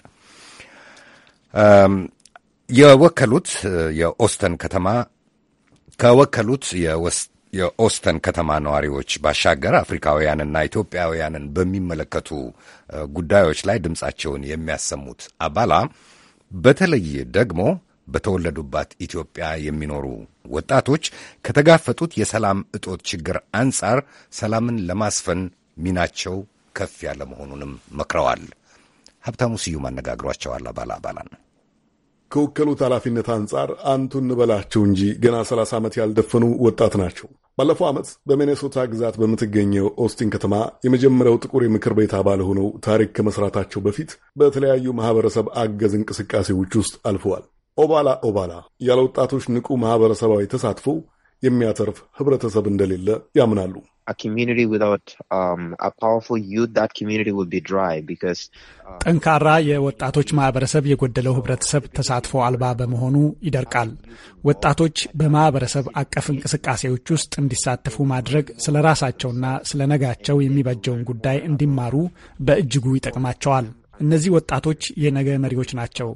የወከሉት የኦስተን ከተማ ከወከሉት የኦስተን ከተማ ነዋሪዎች ባሻገር አፍሪካውያንና ኢትዮጵያውያንን በሚመለከቱ ጉዳዮች ላይ ድምፃቸውን የሚያሰሙት አባላ በተለይ ደግሞ በተወለዱባት ኢትዮጵያ የሚኖሩ ወጣቶች ከተጋፈጡት የሰላም እጦት ችግር አንጻር ሰላምን ለማስፈን ሚናቸው ከፍ ያለ መሆኑንም መክረዋል። ሀብታሙ ስዩም አነጋግሯቸዋል። አባላ አባላን ከወከሉት ኃላፊነት አንጻር አንቱን እንበላቸው እንጂ ገና ሰላሳ ዓመት ያልደፈኑ ወጣት ናቸው። ባለፈው ዓመት በሚኔሶታ ግዛት በምትገኘው ኦስቲን ከተማ የመጀመሪያው ጥቁር የምክር ቤት አባል ሆነው ታሪክ ከመስራታቸው በፊት በተለያዩ ማህበረሰብ አገዝ እንቅስቃሴዎች ውስጥ አልፈዋል። ኦባላ ኦባላ ያለ ወጣቶች ንቁ ማህበረሰባዊ ተሳትፎ የሚያተርፍ ህብረተሰብ እንደሌለ ያምናሉ። um, uh, ጠንካራ የወጣቶች ማህበረሰብ የጎደለው ህብረተሰብ ተሳትፎ አልባ በመሆኑ ይደርቃል። ወጣቶች በማህበረሰብ አቀፍ እንቅስቃሴዎች ውስጥ እንዲሳተፉ ማድረግ ስለ ራሳቸውና ስለ ነጋቸው የሚበጀውን ጉዳይ እንዲማሩ በእጅጉ ይጠቅማቸዋል። እነዚህ ወጣቶች የነገ መሪዎች ናቸው።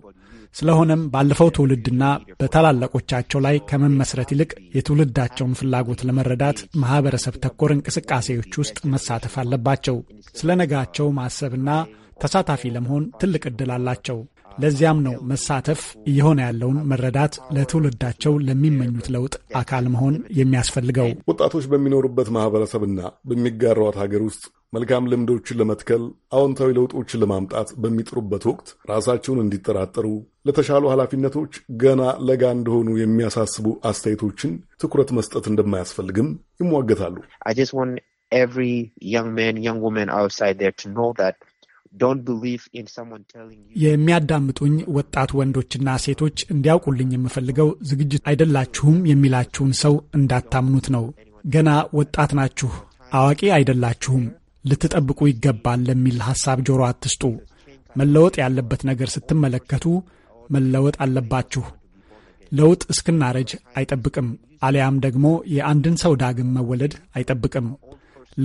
ስለሆነም ባለፈው ትውልድና በታላላቆቻቸው ላይ ከመመስረት ይልቅ የትውልዳቸውን ፍላጎት ለመረዳት ማህበረሰብ ተኮር እንቅስቃሴዎች ውስጥ መሳተፍ አለባቸው። ስለ ነጋቸው ማሰብና ተሳታፊ ለመሆን ትልቅ ዕድል አላቸው። ለዚያም ነው መሳተፍ፣ እየሆነ ያለውን መረዳት፣ ለትውልዳቸው ለሚመኙት ለውጥ አካል መሆን የሚያስፈልገው። ወጣቶች በሚኖሩበት ማህበረሰብና በሚጋሯት ሀገር ውስጥ መልካም ልምዶችን ለመትከል አዎንታዊ ለውጦችን ለማምጣት በሚጥሩበት ወቅት ራሳቸውን እንዲጠራጠሩ፣ ለተሻሉ ኃላፊነቶች ገና ለጋ እንደሆኑ የሚያሳስቡ አስተያየቶችን ትኩረት መስጠት እንደማያስፈልግም ይሟገታሉ። የሚያዳምጡኝ ወጣት ወንዶችና ሴቶች እንዲያውቁልኝ የምፈልገው ዝግጅት አይደላችሁም የሚላችሁን ሰው እንዳታምኑት ነው። ገና ወጣት ናችሁ፣ አዋቂ አይደላችሁም ልትጠብቁ ይገባል ለሚል ሐሳብ ጆሮ አትስጡ። መለወጥ ያለበት ነገር ስትመለከቱ መለወጥ አለባችሁ። ለውጥ እስክናረጅ አይጠብቅም፣ አሊያም ደግሞ የአንድን ሰው ዳግም መወለድ አይጠብቅም።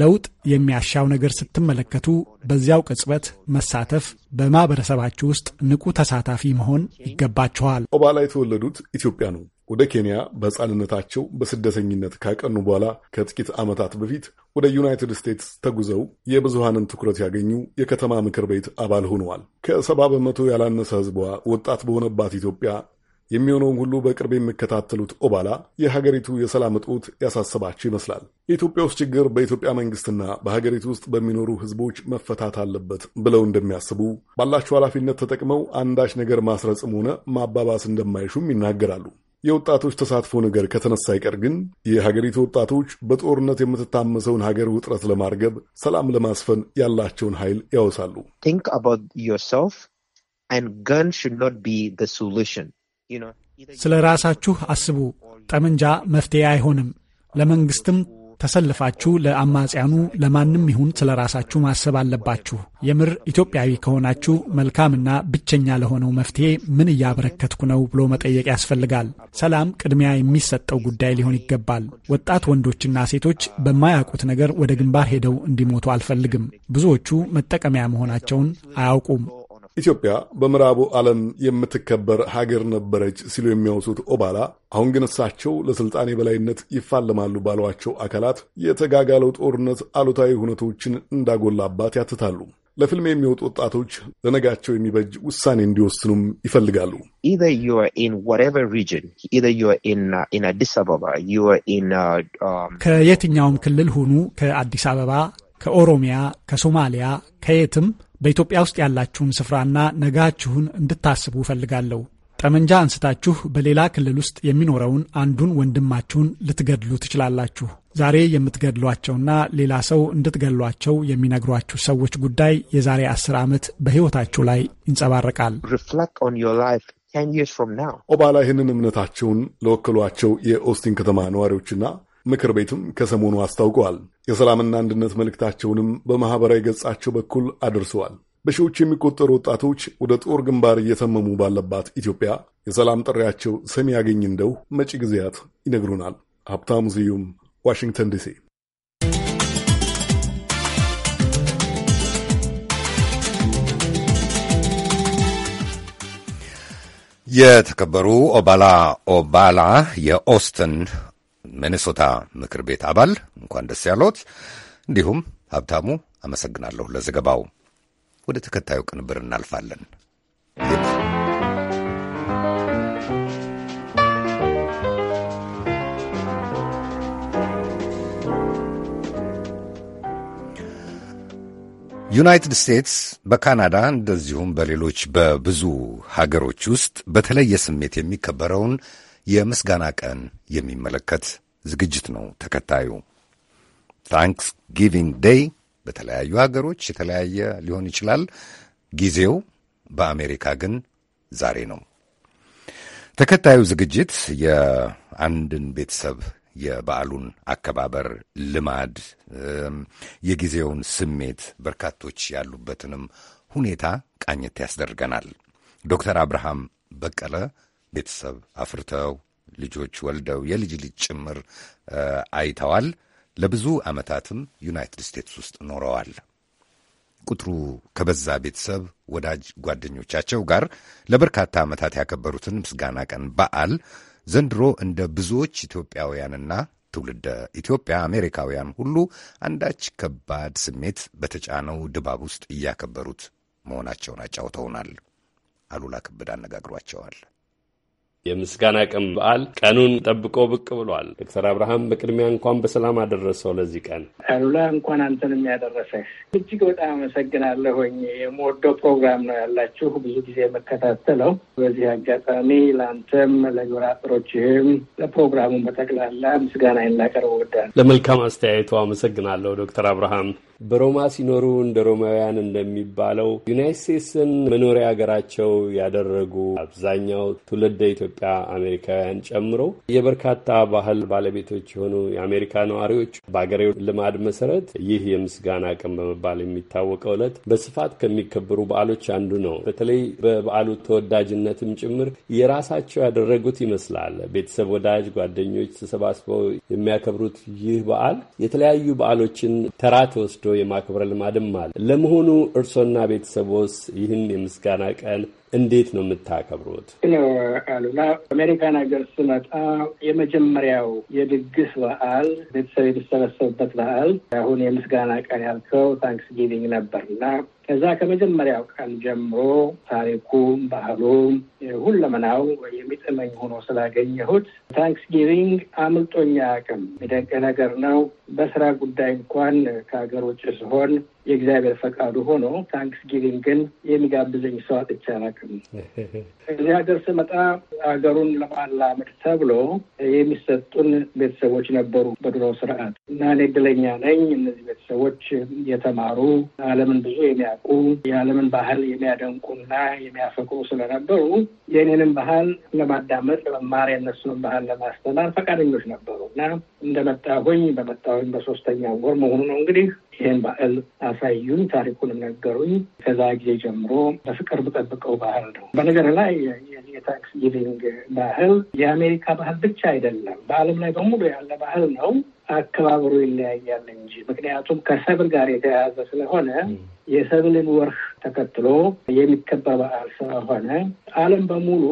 ለውጥ የሚያሻው ነገር ስትመለከቱ በዚያው ቅጽበት መሳተፍ፣ በማህበረሰባችሁ ውስጥ ንቁ ተሳታፊ መሆን ይገባችኋል። ኦባላ የተወለዱት ኢትዮጵያ ነው። ወደ ኬንያ በሕፃንነታቸው በስደተኝነት ካቀኑ በኋላ ከጥቂት ዓመታት በፊት ወደ ዩናይትድ ስቴትስ ተጉዘው የብዙሃንን ትኩረት ያገኙ የከተማ ምክር ቤት አባል ሆነዋል። ከሰባ በመቶ ያላነሰ ሕዝቧ ወጣት በሆነባት ኢትዮጵያ የሚሆነውን ሁሉ በቅርብ የሚከታተሉት ኦባላ የሀገሪቱ የሰላም እጦት ያሳሰባቸው ይመስላል። የኢትዮጵያ ውስጥ ችግር በኢትዮጵያ መንግስትና በሀገሪቱ ውስጥ በሚኖሩ ህዝቦች መፈታት አለበት ብለው እንደሚያስቡ ባላቸው ኃላፊነት ተጠቅመው አንዳች ነገር ማስረጽም ሆነ ማባባስ እንደማይሹም ይናገራሉ። የወጣቶች ተሳትፎ ነገር ከተነሳ አይቀር ግን የሀገሪቱ ወጣቶች በጦርነት የምትታመሰውን ሀገር ውጥረት ለማርገብ ሰላም ለማስፈን ያላቸውን ኃይል ያወሳሉ። ቲንክ አባውት ዮርሰልፍ ኤንድ ሹድ ኖት ቢ ዘ ሶሉሽን ስለ ራሳችሁ አስቡ። ጠመንጃ መፍትሄ አይሆንም። ለመንግስትም ተሰልፋችሁ ለአማጽያኑ ለማንም ይሁን ስለ ራሳችሁ ማሰብ አለባችሁ። የምር ኢትዮጵያዊ ከሆናችሁ መልካምና ብቸኛ ለሆነው መፍትሄ ምን እያበረከትኩ ነው ብሎ መጠየቅ ያስፈልጋል። ሰላም ቅድሚያ የሚሰጠው ጉዳይ ሊሆን ይገባል። ወጣት ወንዶችና ሴቶች በማያውቁት ነገር ወደ ግንባር ሄደው እንዲሞቱ አልፈልግም። ብዙዎቹ መጠቀሚያ መሆናቸውን አያውቁም። ኢትዮጵያ በምዕራቡ ዓለም የምትከበር ሀገር ነበረች ሲሉ የሚያወሱት ኦባላ አሁን ግን እሳቸው ለስልጣን የበላይነት ይፋለማሉ ባሏቸው አካላት የተጋጋለው ጦርነት አሉታዊ ሁነቶችን እንዳጎላባት ያትታሉ። ለፊልም የሚወጡ ወጣቶች ለነጋቸው የሚበጅ ውሳኔ እንዲወስኑም ይፈልጋሉ። uh, uh, um, ከየትኛውም ክልል ሁኑ፣ ከአዲስ አበባ፣ ከኦሮሚያ፣ ከሶማሊያ፣ ከየትም በኢትዮጵያ ውስጥ ያላችሁን ስፍራና ነጋችሁን እንድታስቡ እፈልጋለሁ። ጠመንጃ አንስታችሁ በሌላ ክልል ውስጥ የሚኖረውን አንዱን ወንድማችሁን ልትገድሉ ትችላላችሁ። ዛሬ የምትገድሏቸውና ሌላ ሰው እንድትገድሏቸው የሚነግሯችሁ ሰዎች ጉዳይ የዛሬ አስር ዓመት በሕይወታችሁ ላይ ይንጸባረቃል። ኦባላ ይህንን እምነታቸውን ለወከሏቸው የኦስቲን ከተማ ነዋሪዎችና ምክር ቤቱም ከሰሞኑ አስታውቀዋል። የሰላምና አንድነት መልእክታቸውንም በማኅበራዊ ገጻቸው በኩል አድርሰዋል። በሺዎች የሚቆጠሩ ወጣቶች ወደ ጦር ግንባር እየተመሙ ባለባት ኢትዮጵያ የሰላም ጥሪያቸው ሰሚ ያገኝ እንደው መጪ ጊዜያት ይነግሩናል። ሀብታሙ ስዩም ዋሽንግተን ዲሲ። የተከበሩ ኦባላ ኦባላ የኦስትን። የሚኔሶታ ምክር ቤት አባል እንኳን ደስ ያለዎት። እንዲሁም ሀብታሙ አመሰግናለሁ ለዘገባው። ወደ ተከታዩ ቅንብር እናልፋለን። ዩናይትድ ስቴትስ በካናዳ እንደዚሁም በሌሎች በብዙ ሀገሮች ውስጥ በተለየ ስሜት የሚከበረውን የምስጋና ቀን የሚመለከት ዝግጅት ነው። ተከታዩ ታንክስ ጊቪንግ ዴይ በተለያዩ ሀገሮች የተለያየ ሊሆን ይችላል። ጊዜው በአሜሪካ ግን ዛሬ ነው። ተከታዩ ዝግጅት የአንድን ቤተሰብ የበዓሉን አከባበር ልማድ፣ የጊዜውን ስሜት በርካቶች ያሉበትንም ሁኔታ ቃኘት ያስደርገናል። ዶክተር አብርሃም በቀለ ቤተሰብ አፍርተው ልጆች ወልደው የልጅ ልጅ ጭምር አይተዋል። ለብዙ ዓመታትም ዩናይትድ ስቴትስ ውስጥ ኖረዋል። ቁጥሩ ከበዛ ቤተሰብ ወዳጅ ጓደኞቻቸው ጋር ለበርካታ ዓመታት ያከበሩትን ምስጋና ቀን በዓል ዘንድሮ እንደ ብዙዎች ኢትዮጵያውያንና ትውልደ ኢትዮጵያ አሜሪካውያን ሁሉ አንዳች ከባድ ስሜት በተጫነው ድባብ ውስጥ እያከበሩት መሆናቸውን አጫውተውናል። አሉላ ከበደ አነጋግሯቸዋል። የምስጋና ቀን በዓል ቀኑን ጠብቆ ብቅ ብሏል። ዶክተር አብርሃም በቅድሚያ እንኳን በሰላም አደረሰው ለዚህ ቀን። አሉላ እንኳን አንተን የሚያደረሰህ እጅግ በጣም አመሰግናለሁኝ። የምወደው ፕሮግራም ነው ያላችሁ ብዙ ጊዜ የምከታተለው። በዚህ አጋጣሚ ለአንተም ለግብረ አበሮችህም ለፕሮግራሙ በጠቅላላ ምስጋና ላቀርብ ወዳል። ለመልካም አስተያየቱ አመሰግናለሁ ዶክተር አብርሃም። በሮማ ሲኖሩ እንደ ሮማውያን እንደሚባለው ዩናይት ስቴትስን መኖሪያ ሀገራቸው ያደረጉ አብዛኛው ትውልደ ኢትዮጵያ ኢትዮጵያ አሜሪካውያን ጨምሮ የበርካታ ባህል ባለቤቶች የሆኑ የአሜሪካ ነዋሪዎች በአገሬው ልማድ መሰረት ይህ የምስጋና ቀን በመባል የሚታወቀው ዕለት በስፋት ከሚከበሩ በዓሎች አንዱ ነው። በተለይ በበዓሉ ተወዳጅነትም ጭምር የራሳቸው ያደረጉት ይመስላል። ቤተሰብ፣ ወዳጅ፣ ጓደኞች ተሰባስበው የሚያከብሩት ይህ በዓል የተለያዩ በዓሎችን ተራ ተወስዶ የማክበር ልማድም አለ። ለመሆኑ እርሶና ቤተሰቦስ ይህን የምስጋና ቀን እንዴት ነው የምታከብሩት? አሉላ አሜሪካን ሀገር ስመጣ የመጀመሪያው የድግስ በዓል ቤተሰብ የተሰበሰብበት በዓል አሁን የምስጋና ቀን ያልከው ታንክስ ጊቪንግ ነበር እና ከዛ ከመጀመሪያው ቀን ጀምሮ ታሪኩም ባህሉም ሁለመናው የሚጥመኝ ሆኖ ስላገኘሁት ታንክስ ጊቪንግ አምልጦኛ አቅም የሚደንቅ ነገር ነው። በስራ ጉዳይ እንኳን ከሀገር ውጭ ስሆን የእግዚአብሔር ፈቃዱ ሆኖ ታንክስ ጊቪንግን የሚጋብዘኝ ሰው አጥቼ አላውቅም። እዚህ ሀገር ስመጣ ሀገሩን ለማላመድ ተብሎ የሚሰጡን ቤተሰቦች ነበሩ በድሮ ስርዓት እና እኔ እድለኛ ነኝ። እነዚህ ቤተሰቦች የተማሩ ዓለምን ብዙ የሚያውቁ የዓለምን ባህል የሚያደንቁና የሚያፈቅሩ ስለነበሩ የእኔንም ባህል ለማዳመጥ ለመማር፣ የእነሱንም ባህል ለማስተማር ፈቃደኞች ነበሩ እና እንደመጣሁኝ በመጣሁኝ በሶስተኛ ወር መሆኑ ነው እንግዲህ ይህን በዓል አሳዩኝ፣ ታሪኩን ነገሩኝ። ከዛ ጊዜ ጀምሮ በፍቅር ብጠብቀው ባህል ነው። በነገር ላይ ጊቪንግ ባህል የአሜሪካ ባህል ብቻ አይደለም፣ በዓለም ላይ በሙሉ ያለ ባህል ነው። አከባበሩ ይለያያል እንጂ ምክንያቱም ከሰብል ጋር የተያያዘ ስለሆነ የሰብልን ወርህ ተከትሎ የሚከበር በዓል ስለሆነ ዓለም በሙሉ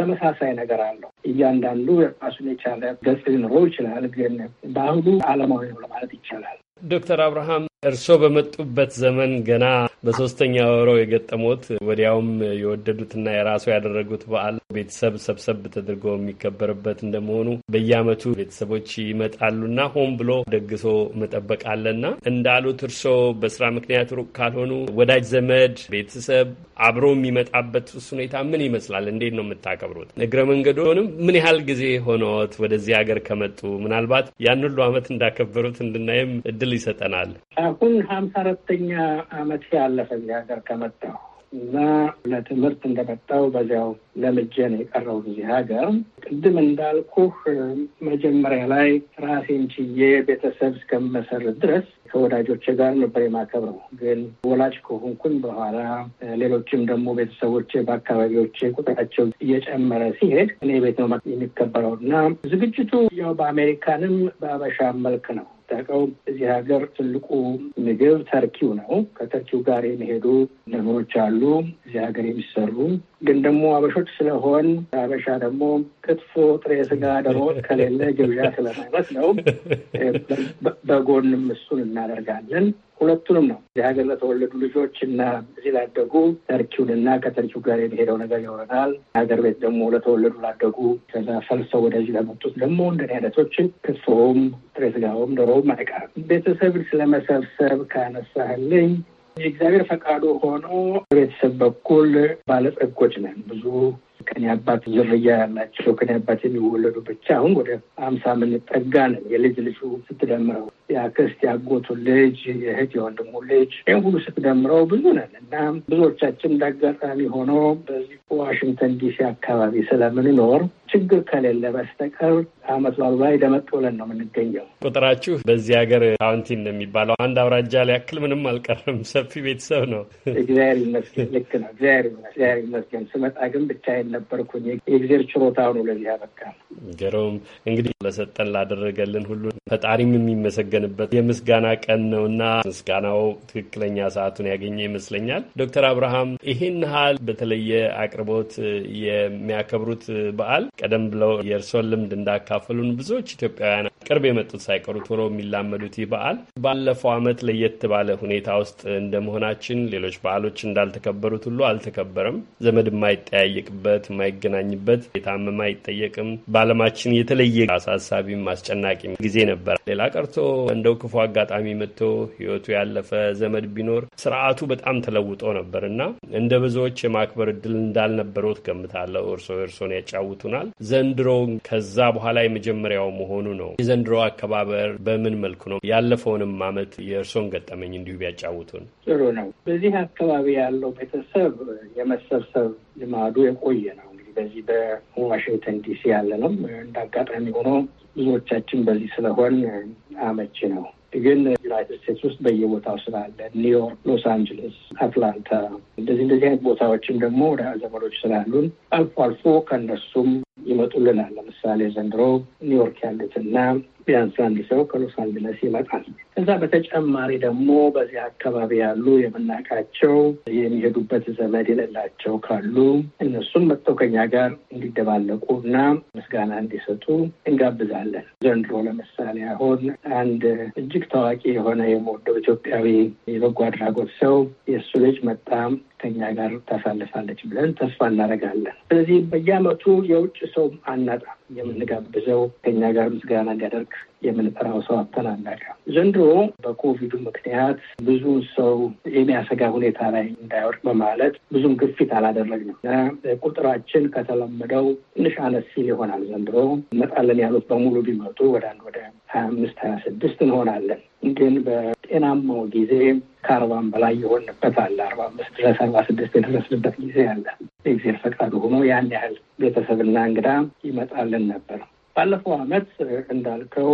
ተመሳሳይ ነገር አለው። እያንዳንዱ የራሱን የቻለ ገጽ ሊኖረው ይችላል፣ ግን ባህሉ ዓለማዊ ነው ለማለት ይቻላል። ዶክተር አብርሃም እርስዎ በመጡበት ዘመን ገና በሶስተኛ ወሮ የገጠሙት ወዲያውም የወደዱትና የራሱ ያደረጉት በዓል ቤተሰብ ሰብሰብ ተደርጎ የሚከበርበት እንደመሆኑ በየዓመቱ ቤተሰቦች ይመጣሉና ሆን ብሎ ደግሶ መጠበቅ አለና እንዳሉት እርስዎ በስራ ምክንያት ሩቅ ካልሆኑ ወዳጅ ዘመድ ቤተሰብ አብሮ የሚመጣበት ሁኔታ ምን ይመስላል? እንዴት ነው የምታከብሩት? እግረ መንገዱንም ምን ያህል ጊዜ ሆኖት ወደዚህ ሀገር ከመጡ ምናልባት ያን ሁሉ ዓመት እንዳከበሩት እንድናይም እድል ይሰጠናል። አሁን ሀምሳ አራተኛ አመት ያለፈኝ ሀገር ከመጣሁ እና ለትምህርት እንደመጣሁ በዚያው ለምጄ ነው የቀረው እዚህ ሀገር። ቅድም እንዳልኩህ መጀመሪያ ላይ ራሴን ችዬ ቤተሰብ እስከመሰረት ድረስ ከወዳጆቼ ጋር ነበር የማከብረው። ግን ወላጅ ከሆንኩን በኋላ ሌሎችም ደግሞ ቤተሰቦቼ በአካባቢዎቼ ቁጥራቸው እየጨመረ ሲሄድ እኔ ቤት ነው የሚከበረው እና ዝግጅቱ ያው በአሜሪካንም በአበሻ መልክ ነው እንደምታውቀው እዚህ ሀገር ትልቁ ምግብ ተርኪው ነው። ከተርኪው ጋር የሚሄዱ ነገሮች አሉ እዚህ ሀገር የሚሰሩ ግን ደግሞ አበሾች ስለሆን አበሻ ደግሞ ክትፎ፣ ጥሬ ስጋ፣ ደሮ ከሌለ ግብዣ ስለማይበት ነው። *laughs* በጎንም እሱን እናደርጋለን። ሁለቱንም ነው እዚህ ሀገር ለተወለዱ ልጆች እና እዚህ ላደጉ ተርኪውን እና ከተርኪው ጋር የሚሄደው ነገር ይሆናል። ሀገር ቤት ደግሞ ለተወለዱ ላደጉ ከዛ ፈልሰው ወደዚህ ለመጡት ደግሞ እንደኔ አይነቶችን ክትፎውም፣ ጥሬ ስጋውም፣ ዶሮውም አይቀርም። ቤተሰብ ስለመሰብሰብ ካነሳህልኝ የእግዚአብሔር ፈቃዱ ሆኖ ቤተሰብ በኩል ባለጸጎች ነን ብዙ ከኔ አባት ዝርያ ያላቸው ከኔ አባት የሚወለዱ ብቻ አሁን ወደ አምሳ ምንጠጋ ነው። የልጅ ልጁ ስትደምረው የአክስት ያጎቱ ልጅ የእህት የወንድሙ ልጅ ይህም ሁሉ ስትደምረው ብዙ ነን እና ብዙዎቻችን እንዳጋጣሚ ሆኖ በዚህ ዋሽንግተን ዲሲ አካባቢ ስለምንኖር ችግር ከሌለ በስተቀር አመት ባሉ ላይ ደመቅ ብለን ነው የምንገኘው። ቁጥራችሁ በዚህ ሀገር ካውንቲ እንደሚባለው አንድ አውራጃ ላይ ያክል ምንም አልቀርም። ሰፊ ቤተሰብ ነው። እግዚአብሔር ይመስገን። ልክ ነው። እግዚአብሔር ይመስገን። ስመጣ ግን ብቻዬን ነበርኩኝ። የእግዜር ችሮታ ሆኖ ለዚህ ያበቃል። ገሮም እንግዲህ ለሰጠን ላደረገልን ሁሉ ፈጣሪም የሚመሰገንበት የምስጋና ቀን ነውና ምስጋናው ትክክለኛ ሰዓቱን ያገኘ ይመስለኛል። ዶክተር አብርሃም ይህን ሀል በተለየ አቅርቦት የሚያከብሩት በዓል ቀደም ብለው የእርሶን ልምድ እንዳካፈሉን ብዙዎች ኢትዮጵያውያን ቅርብ የመጡት ሳይቀሩ ቶሎ የሚላመዱት ይህ በዓል ባለፈው ዓመት ለየት ባለ ሁኔታ ውስጥ እንደመሆናችን ሌሎች በዓሎች እንዳልተከበሩት ሁሉ አልተከበረም። ዘመድ የማይጠያየቅበት የማይገናኝበት የታመመ አይጠየቅም። በዓለማችን የተለየ አሳሳቢም አስጨናቂም ጊዜ ነበር። ሌላ ቀርቶ እንደው ክፉ አጋጣሚ መጥቶ ህይወቱ ያለፈ ዘመድ ቢኖር ስርዓቱ በጣም ተለውጦ ነበር እና እንደ ብዙዎች የማክበር እድል እንዳልነበረት ገምታለሁ። እርሶ እርሶን ያጫውቱናል። ዘንድሮ ከዛ በኋላ የመጀመሪያው መሆኑ ነው። የዘንድሮ አከባበር በምን መልኩ ነው? ያለፈውንም አመት የእርሶን ገጠመኝ እንዲሁ ቢያጫውቱን ጥሩ ነው። በዚህ አካባቢ ያለው ቤተሰብ የመሰብሰብ ልማዱ የቆየ ነው። እንግዲህ በዚህ በዋሽንግተን ዲሲ ያለ ነው። እንደ አጋጣሚ ሆኖ ብዙዎቻችን በዚህ ስለሆን አመቺ ነው። ግን ዩናይትድ ስቴትስ ውስጥ በየቦታው ስላለ ኒውዮርክ፣ ሎስ አንጀለስ፣ አትላንታ እንደዚህ እንደዚህ አይነት ቦታዎችም ደግሞ ወደ ዘመዶች ስላሉን አልፎ አልፎ ከእነሱም ይመጡልናል። ለምሳሌ ዘንድሮ ኒውዮርክ ያሉትና ቢያንስ አንድ ሰው ከሎስ አንጀለስ ይመጣል። ከዛ በተጨማሪ ደግሞ በዚህ አካባቢ ያሉ የምናውቃቸው የሚሄዱበት ዘመድ የሌላቸው ካሉ እነሱም መጥተው ከኛ ጋር እንዲደባለቁ እና ምስጋና እንዲሰጡ እንጋብዛለን። ዘንድሮ ለምሳሌ አሁን አንድ እጅግ ታዋቂ የሆነ የምወደው ኢትዮጵያዊ የበጎ አድራጎት ሰው የእሱ ልጅ መጣ ከኛ ጋር ታሳልፋለች ብለን ተስፋ እናደርጋለን። ስለዚህ በየዓመቱ የውጭ ሰው አናጣም። የምንጋብዘው ከኛ ጋር ምስጋና እንዲያደርግ የምንጠራው ሰው አተናነቀ። ዘንድሮ በኮቪዱ ምክንያት ብዙ ሰው የሚያሰጋ ሁኔታ ላይ እንዳይወድቅ በማለት ብዙም ግፊት አላደረግንም ቁጥራችን ከተለመደው ትንሽ አነስ ሲል ይሆናል። ዘንድሮ እንመጣለን ያሉት በሙሉ ቢመጡ ወደ አንድ ወደ ሀያ አምስት ሀያ ስድስት እንሆናለን። ግን በጤናማው ጊዜ ከአርባም በላይ የሆንበት አለ። አርባ አምስት ድረስ አርባ ስድስት የደረስንበት ጊዜ አለ። እግዜር ፈቃዱ ሆኖ ያን ያህል ቤተሰብና እንግዳ ይመጣልን ነበር። ባለፈው ዓመት እንዳልከው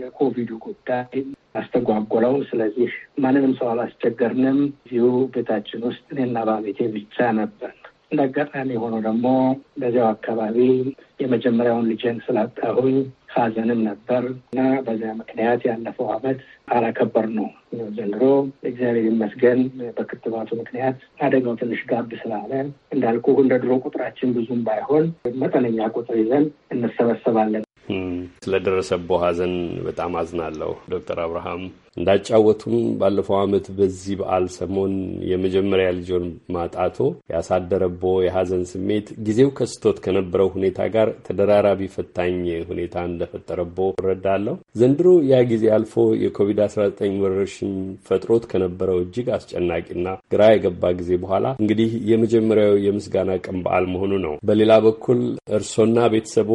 የኮቪዱ ጉዳይ አስተጓጎለው። ስለዚህ ማንንም ሰው አላስቸገርንም። እዚሁ ቤታችን ውስጥ እኔና ባቤቴ ብቻ ነበር። እንደ አጋጣሚ የሆነው ደግሞ በዚያው አካባቢ የመጀመሪያውን ልጄን ስላጣሁኝ ሐዘንም ነበር እና በዚያ ምክንያት ያለፈው ዓመት አላከበር ነው። ዘንድሮ እግዚአብሔር ይመስገን በክትባቱ ምክንያት አደጋው ትንሽ ጋብ ስላለ እንዳልኩ እንደ ድሮ ቁጥራችን ብዙም ባይሆን መጠነኛ ቁጥር ይዘን እንሰበሰባለን። ስለደረሰብዎ ሐዘን በጣም አዝናለሁ ዶክተር አብርሃም እንዳጫወቱም ባለፈው ዓመት በዚህ በዓል ሰሞን የመጀመሪያ ልጆን ማጣቶ ያሳደረቦ የሐዘን ስሜት ጊዜው ከስቶት ከነበረው ሁኔታ ጋር ተደራራቢ ፈታኝ ሁኔታ እንደፈጠረቦ እረዳለሁ። ዘንድሮ ያ ጊዜ አልፎ የኮቪድ-19 ወረርሽኝ ፈጥሮት ከነበረው እጅግ አስጨናቂና ግራ የገባ ጊዜ በኋላ እንግዲህ የመጀመሪያው የምስጋና ቀን በዓል መሆኑ ነው። በሌላ በኩል እርሶና ቤተሰቦ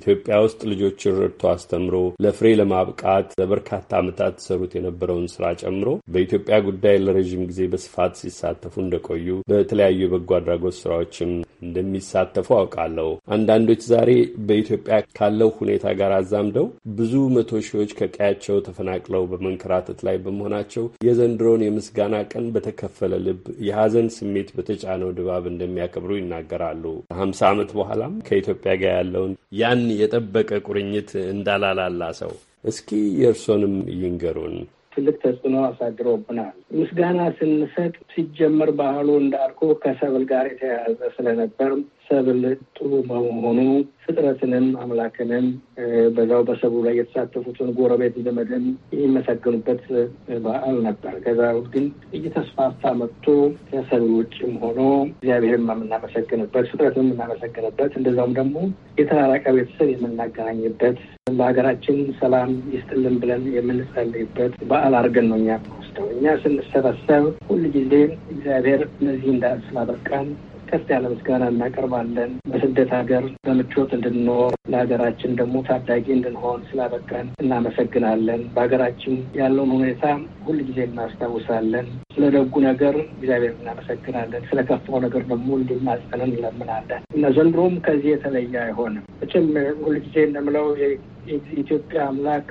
ኢትዮጵያ ውስጥ ልጆችን ረድቶ አስተምሮ ለፍሬ ለማብቃት ለበርካታ ዓመታት ሰሩት የነበረውን ስራ ጨምሮ በኢትዮጵያ ጉዳይ ለረዥም ጊዜ በስፋት ሲሳተፉ እንደቆዩ በተለያዩ የበጎ አድራጎት ስራዎችም እንደሚሳተፉ አውቃለሁ። አንዳንዶች ዛሬ በኢትዮጵያ ካለው ሁኔታ ጋር አዛምደው ብዙ መቶ ሺዎች ከቀያቸው ተፈናቅለው በመንከራተት ላይ በመሆናቸው የዘንድሮውን የምስጋና ቀን በተከፈለ ልብ የሀዘን ስሜት በተጫነው ድባብ እንደሚያከብሩ ይናገራሉ። ከሀምሳ ዓመት በኋላም ከኢትዮጵያ ጋር ያለውን ያን የጠበቀ ቁርኝት እንዳላላላ ሰው እስኪ የእርሶንም ይንገሩን። ትልቅ ተጽዕኖ አሳድሮብናል። ምስጋና ስንሰጥ ሲጀመር ባህሉ እንዳልኩ ከሰብል ጋር የተያያዘ ስለነበር ሰብል ጥሩ በመሆኑ ፍጥረትንም አምላክንም በዛው በሰቡ ላይ የተሳተፉትን ጎረቤት ዘመድን የሚመሰገኑበት በዓል ነበር። ከዛ ግን እየተስፋፋ መጥቶ ከሰብል ውጭም ሆኖ እግዚአብሔር የምናመሰግንበት፣ ፍጥረትን የምናመሰግንበት እንደዛውም ደግሞ የተራራቀ ቤተሰብ የምናገናኝበት በሀገራችን ሰላም ይስጥልን ብለን የምንጸልይበት በዓል አድርገን ነው እኛ ወስደው እኛ ስንሰበሰብ ሁል ጊዜ እግዚአብሔር እነዚህ እንዳ ስላበቃን ከፍ ያለ ምስጋና እናቀርባለን። በስደት ሀገር በምቾት እንድንኖር ለሀገራችን ደግሞ ታዳጊ እንድንሆን ስላበቃን እናመሰግናለን። በሀገራችን ያለውን ሁኔታ ሁል ጊዜ እናስታውሳለን። ስለ ደጉ ነገር እግዚአብሔር እናመሰግናለን። ስለ ከፋው ነገር ደግሞ እንዲማጸንን እንለምናለን እና ዘንድሮም ከዚህ የተለየ አይሆንም። መቼም ጊዜ እንደምለው ኢትዮጵያ አምላክ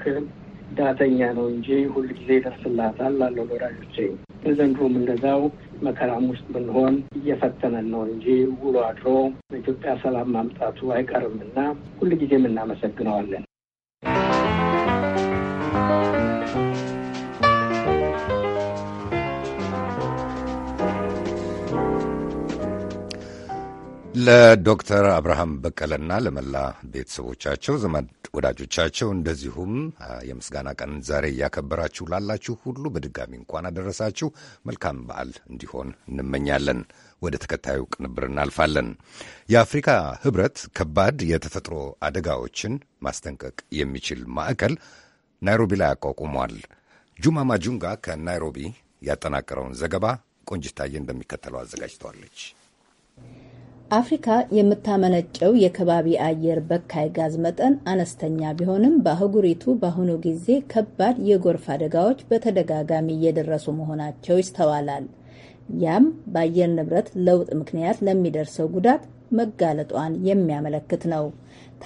ዳተኛ ነው እንጂ ሁል ጊዜ ይደርስላታል ላለው ወዳጆቼ በዘንድሮም እንደዛው መከራም ውስጥ ብንሆን እየፈተነን ነው እንጂ ውሎ አድሮ በኢትዮጵያ ሰላም ማምጣቱ አይቀርምና ሁል ጊዜም እናመሰግነዋለን። ለዶክተር አብርሃም በቀለና ለመላ ቤተሰቦቻቸው ዘመድ ወዳጆቻቸው፣ እንደዚሁም የምስጋና ቀን ዛሬ እያከበራችሁ ላላችሁ ሁሉ በድጋሚ እንኳን አደረሳችሁ። መልካም በዓል እንዲሆን እንመኛለን። ወደ ተከታዩ ቅንብር እናልፋለን። የአፍሪካ ህብረት ከባድ የተፈጥሮ አደጋዎችን ማስጠንቀቅ የሚችል ማዕከል ናይሮቢ ላይ አቋቁሟል። ጁማ ማጁንጋ ከናይሮቢ ያጠናቀረውን ዘገባ ቆንጅታዬ እንደሚከተለው አዘጋጅተዋለች። አፍሪካ የምታመነጨው የከባቢ አየር በካይ ጋዝ መጠን አነስተኛ ቢሆንም በአህጉሪቱ በአሁኑ ጊዜ ከባድ የጎርፍ አደጋዎች በተደጋጋሚ እየደረሱ መሆናቸው ይስተዋላል። ያም በአየር ንብረት ለውጥ ምክንያት ለሚደርሰው ጉዳት መጋለጧን የሚያመለክት ነው።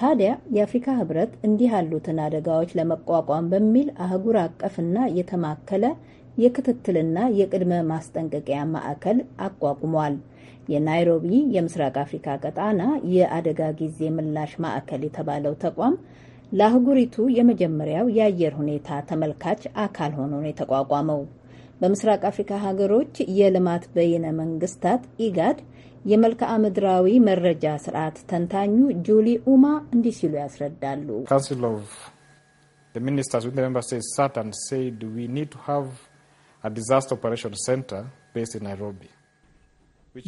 ታዲያ የአፍሪካ ህብረት እንዲህ ያሉትን አደጋዎች ለመቋቋም በሚል አህጉር አቀፍና የተማከለ የክትትልና የቅድመ ማስጠንቀቂያ ማዕከል አቋቁሟል። የናይሮቢ የምስራቅ አፍሪካ ቀጣና የአደጋ ጊዜ ምላሽ ማዕከል የተባለው ተቋም ለአህጉሪቱ የመጀመሪያው የአየር ሁኔታ ተመልካች አካል ሆኖ ነው የተቋቋመው። በምስራቅ አፍሪካ ሀገሮች የልማት በይነ መንግስታት ኢጋድ የመልክዓ ምድራዊ መረጃ ስርዓት ተንታኙ ጁሊ ኡማ እንዲህ ሲሉ ያስረዳሉ። ዲዛስተር ኦፐሬሽን ሴንተር ቤዝ ናይሮቢ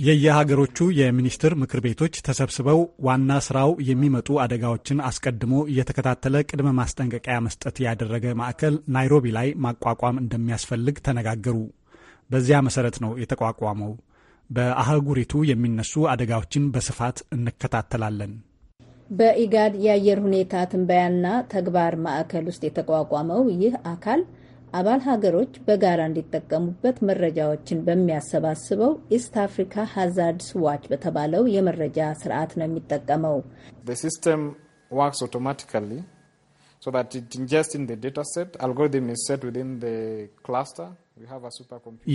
የየሀገሮቹ የሚኒስትር ምክር ቤቶች ተሰብስበው ዋና ስራው የሚመጡ አደጋዎችን አስቀድሞ እየተከታተለ ቅድመ ማስጠንቀቂያ መስጠት ያደረገ ማዕከል ናይሮቢ ላይ ማቋቋም እንደሚያስፈልግ ተነጋገሩ። በዚያ መሰረት ነው የተቋቋመው። በአህጉሪቱ የሚነሱ አደጋዎችን በስፋት እንከታተላለን። በኢጋድ የአየር ሁኔታ ትንበያና ተግባር ማዕከል ውስጥ የተቋቋመው ይህ አካል አባል ሀገሮች በጋራ እንዲጠቀሙበት መረጃዎችን በሚያሰባስበው ኢስት አፍሪካ ሃዛርድስ ዋች በተባለው የመረጃ ስርዓት ነው የሚጠቀመው።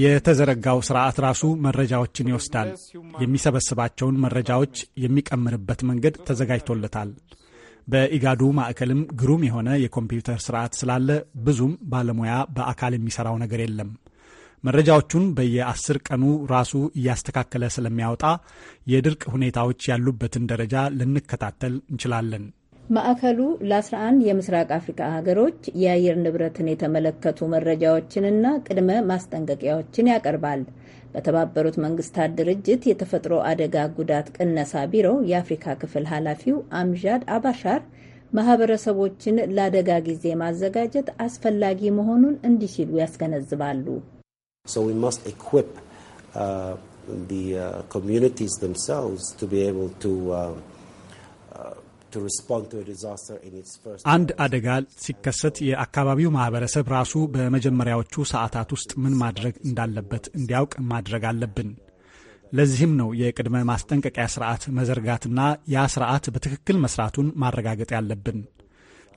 የተዘረጋው ስርዓት ራሱ መረጃዎችን ይወስዳል። የሚሰበስባቸውን መረጃዎች የሚቀምርበት መንገድ ተዘጋጅቶለታል። በኢጋዱ ማዕከልም ግሩም የሆነ የኮምፒውተር ስርዓት ስላለ ብዙም ባለሙያ በአካል የሚሰራው ነገር የለም። መረጃዎቹን በየአስር ቀኑ ራሱ እያስተካከለ ስለሚያወጣ የድርቅ ሁኔታዎች ያሉበትን ደረጃ ልንከታተል እንችላለን። ማዕከሉ ለ11 የምስራቅ አፍሪካ ሀገሮች የአየር ንብረትን የተመለከቱ መረጃዎችንና ቅድመ ማስጠንቀቂያዎችን ያቀርባል። በተባበሩት መንግስታት ድርጅት የተፈጥሮ አደጋ ጉዳት ቅነሳ ቢሮ የአፍሪካ ክፍል ኃላፊው አምዣድ አባሻር ማህበረሰቦችን ለአደጋ ጊዜ ማዘጋጀት አስፈላጊ መሆኑን እንዲህ ሲሉ ያስገነዝባሉ። አንድ አደጋ ሲከሰት የአካባቢው ማህበረሰብ ራሱ በመጀመሪያዎቹ ሰዓታት ውስጥ ምን ማድረግ እንዳለበት እንዲያውቅ ማድረግ አለብን። ለዚህም ነው የቅድመ ማስጠንቀቂያ ስርዓት መዘርጋትና ያ ስርዓት በትክክል መስራቱን ማረጋገጥ ያለብን።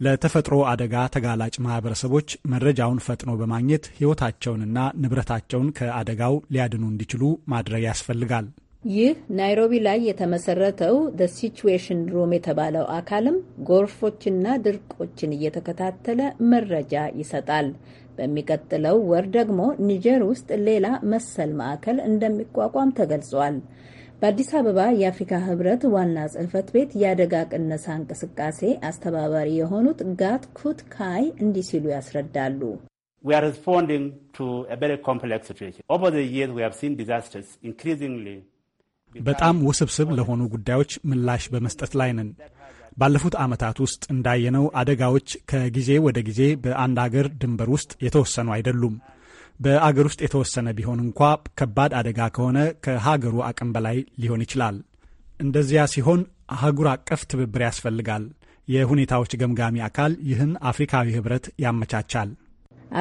ለተፈጥሮ አደጋ ተጋላጭ ማህበረሰቦች መረጃውን ፈጥኖ በማግኘት ሕይወታቸውንና ንብረታቸውን ከአደጋው ሊያድኑ እንዲችሉ ማድረግ ያስፈልጋል። ይህ ናይሮቢ ላይ የተመሰረተው ደ ሲቹዌሽን ሩም የተባለው አካልም ጎርፎችና ድርቆችን እየተከታተለ መረጃ ይሰጣል። በሚቀጥለው ወር ደግሞ ኒጀር ውስጥ ሌላ መሰል ማዕከል እንደሚቋቋም ተገልጿል። በአዲስ አበባ የአፍሪካ ህብረት ዋና ጽህፈት ቤት የአደጋ ቅነሳ እንቅስቃሴ አስተባባሪ የሆኑት ጋት ኩት ካይ እንዲህ ሲሉ ያስረዳሉ። ሪስፖንዲንግ ቱ በጣም ውስብስብ ለሆኑ ጉዳዮች ምላሽ በመስጠት ላይ ነን። ባለፉት ዓመታት ውስጥ እንዳየነው አደጋዎች ከጊዜ ወደ ጊዜ በአንድ አገር ድንበር ውስጥ የተወሰኑ አይደሉም። በአገር ውስጥ የተወሰነ ቢሆን እንኳ ከባድ አደጋ ከሆነ ከሀገሩ አቅም በላይ ሊሆን ይችላል። እንደዚያ ሲሆን አህጉር አቀፍ ትብብር ያስፈልጋል። የሁኔታዎች ገምጋሚ አካል ይህን አፍሪካዊ ህብረት ያመቻቻል።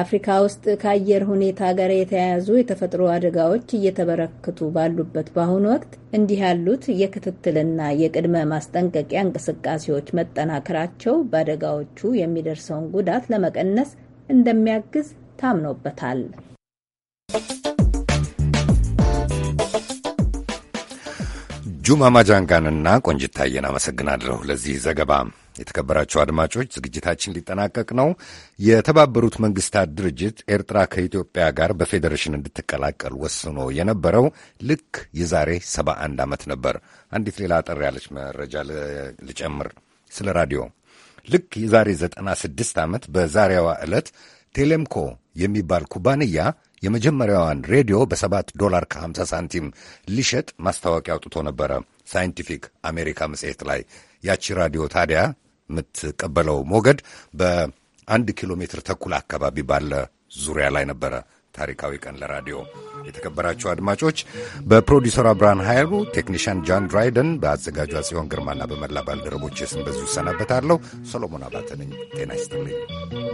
አፍሪካ ውስጥ ከአየር ሁኔታ ጋር የተያያዙ የተፈጥሮ አደጋዎች እየተበረከቱ ባሉበት በአሁኑ ወቅት እንዲህ ያሉት የክትትልና የቅድመ ማስጠንቀቂያ እንቅስቃሴዎች መጠናከራቸው በአደጋዎቹ የሚደርሰውን ጉዳት ለመቀነስ እንደሚያግዝ ታምኖበታል። ጁማ ማጃንጋንና ቆንጅታየን አመሰግናለሁ ለዚህ ዘገባ። የተከበራቸው አድማጮች ዝግጅታችን ሊጠናቀቅ ነው። የተባበሩት መንግስታት ድርጅት ኤርትራ ከኢትዮጵያ ጋር በፌዴሬሽን እንድትቀላቀል ወስኖ የነበረው ልክ የዛሬ 71 ዓመት ነበር። አንዲት ሌላ አጠር ያለች መረጃ ልጨምር ስለ ራዲዮ። ልክ የዛሬ 96 ዓመት በዛሬዋ ዕለት ቴሌምኮ የሚባል ኩባንያ የመጀመሪያዋን ሬዲዮ በ7 ዶላር ከ50 ሳንቲም ሊሸጥ ማስታወቂያ አውጥቶ ነበረ ሳይንቲፊክ አሜሪካ መጽሔት ላይ። ያቺ ራዲዮ ታዲያ የምትቀበለው ሞገድ በአንድ ኪሎ ሜትር ተኩል አካባቢ ባለ ዙሪያ ላይ ነበረ። ታሪካዊ ቀን ለራዲዮ የተከበራቸው አድማጮች፣ በፕሮዲውሰሯ ብርሃን ኃይሉ፣ ቴክኒሽያን ጃን ድራይደን፣ በአዘጋጇ ጽዮን ግርማና በመላ ባልደረቦች ስም በዚሁ እሰናበታለሁ። ሰሎሞን አባተ ነኝ። ጤና ይስጥልኝ።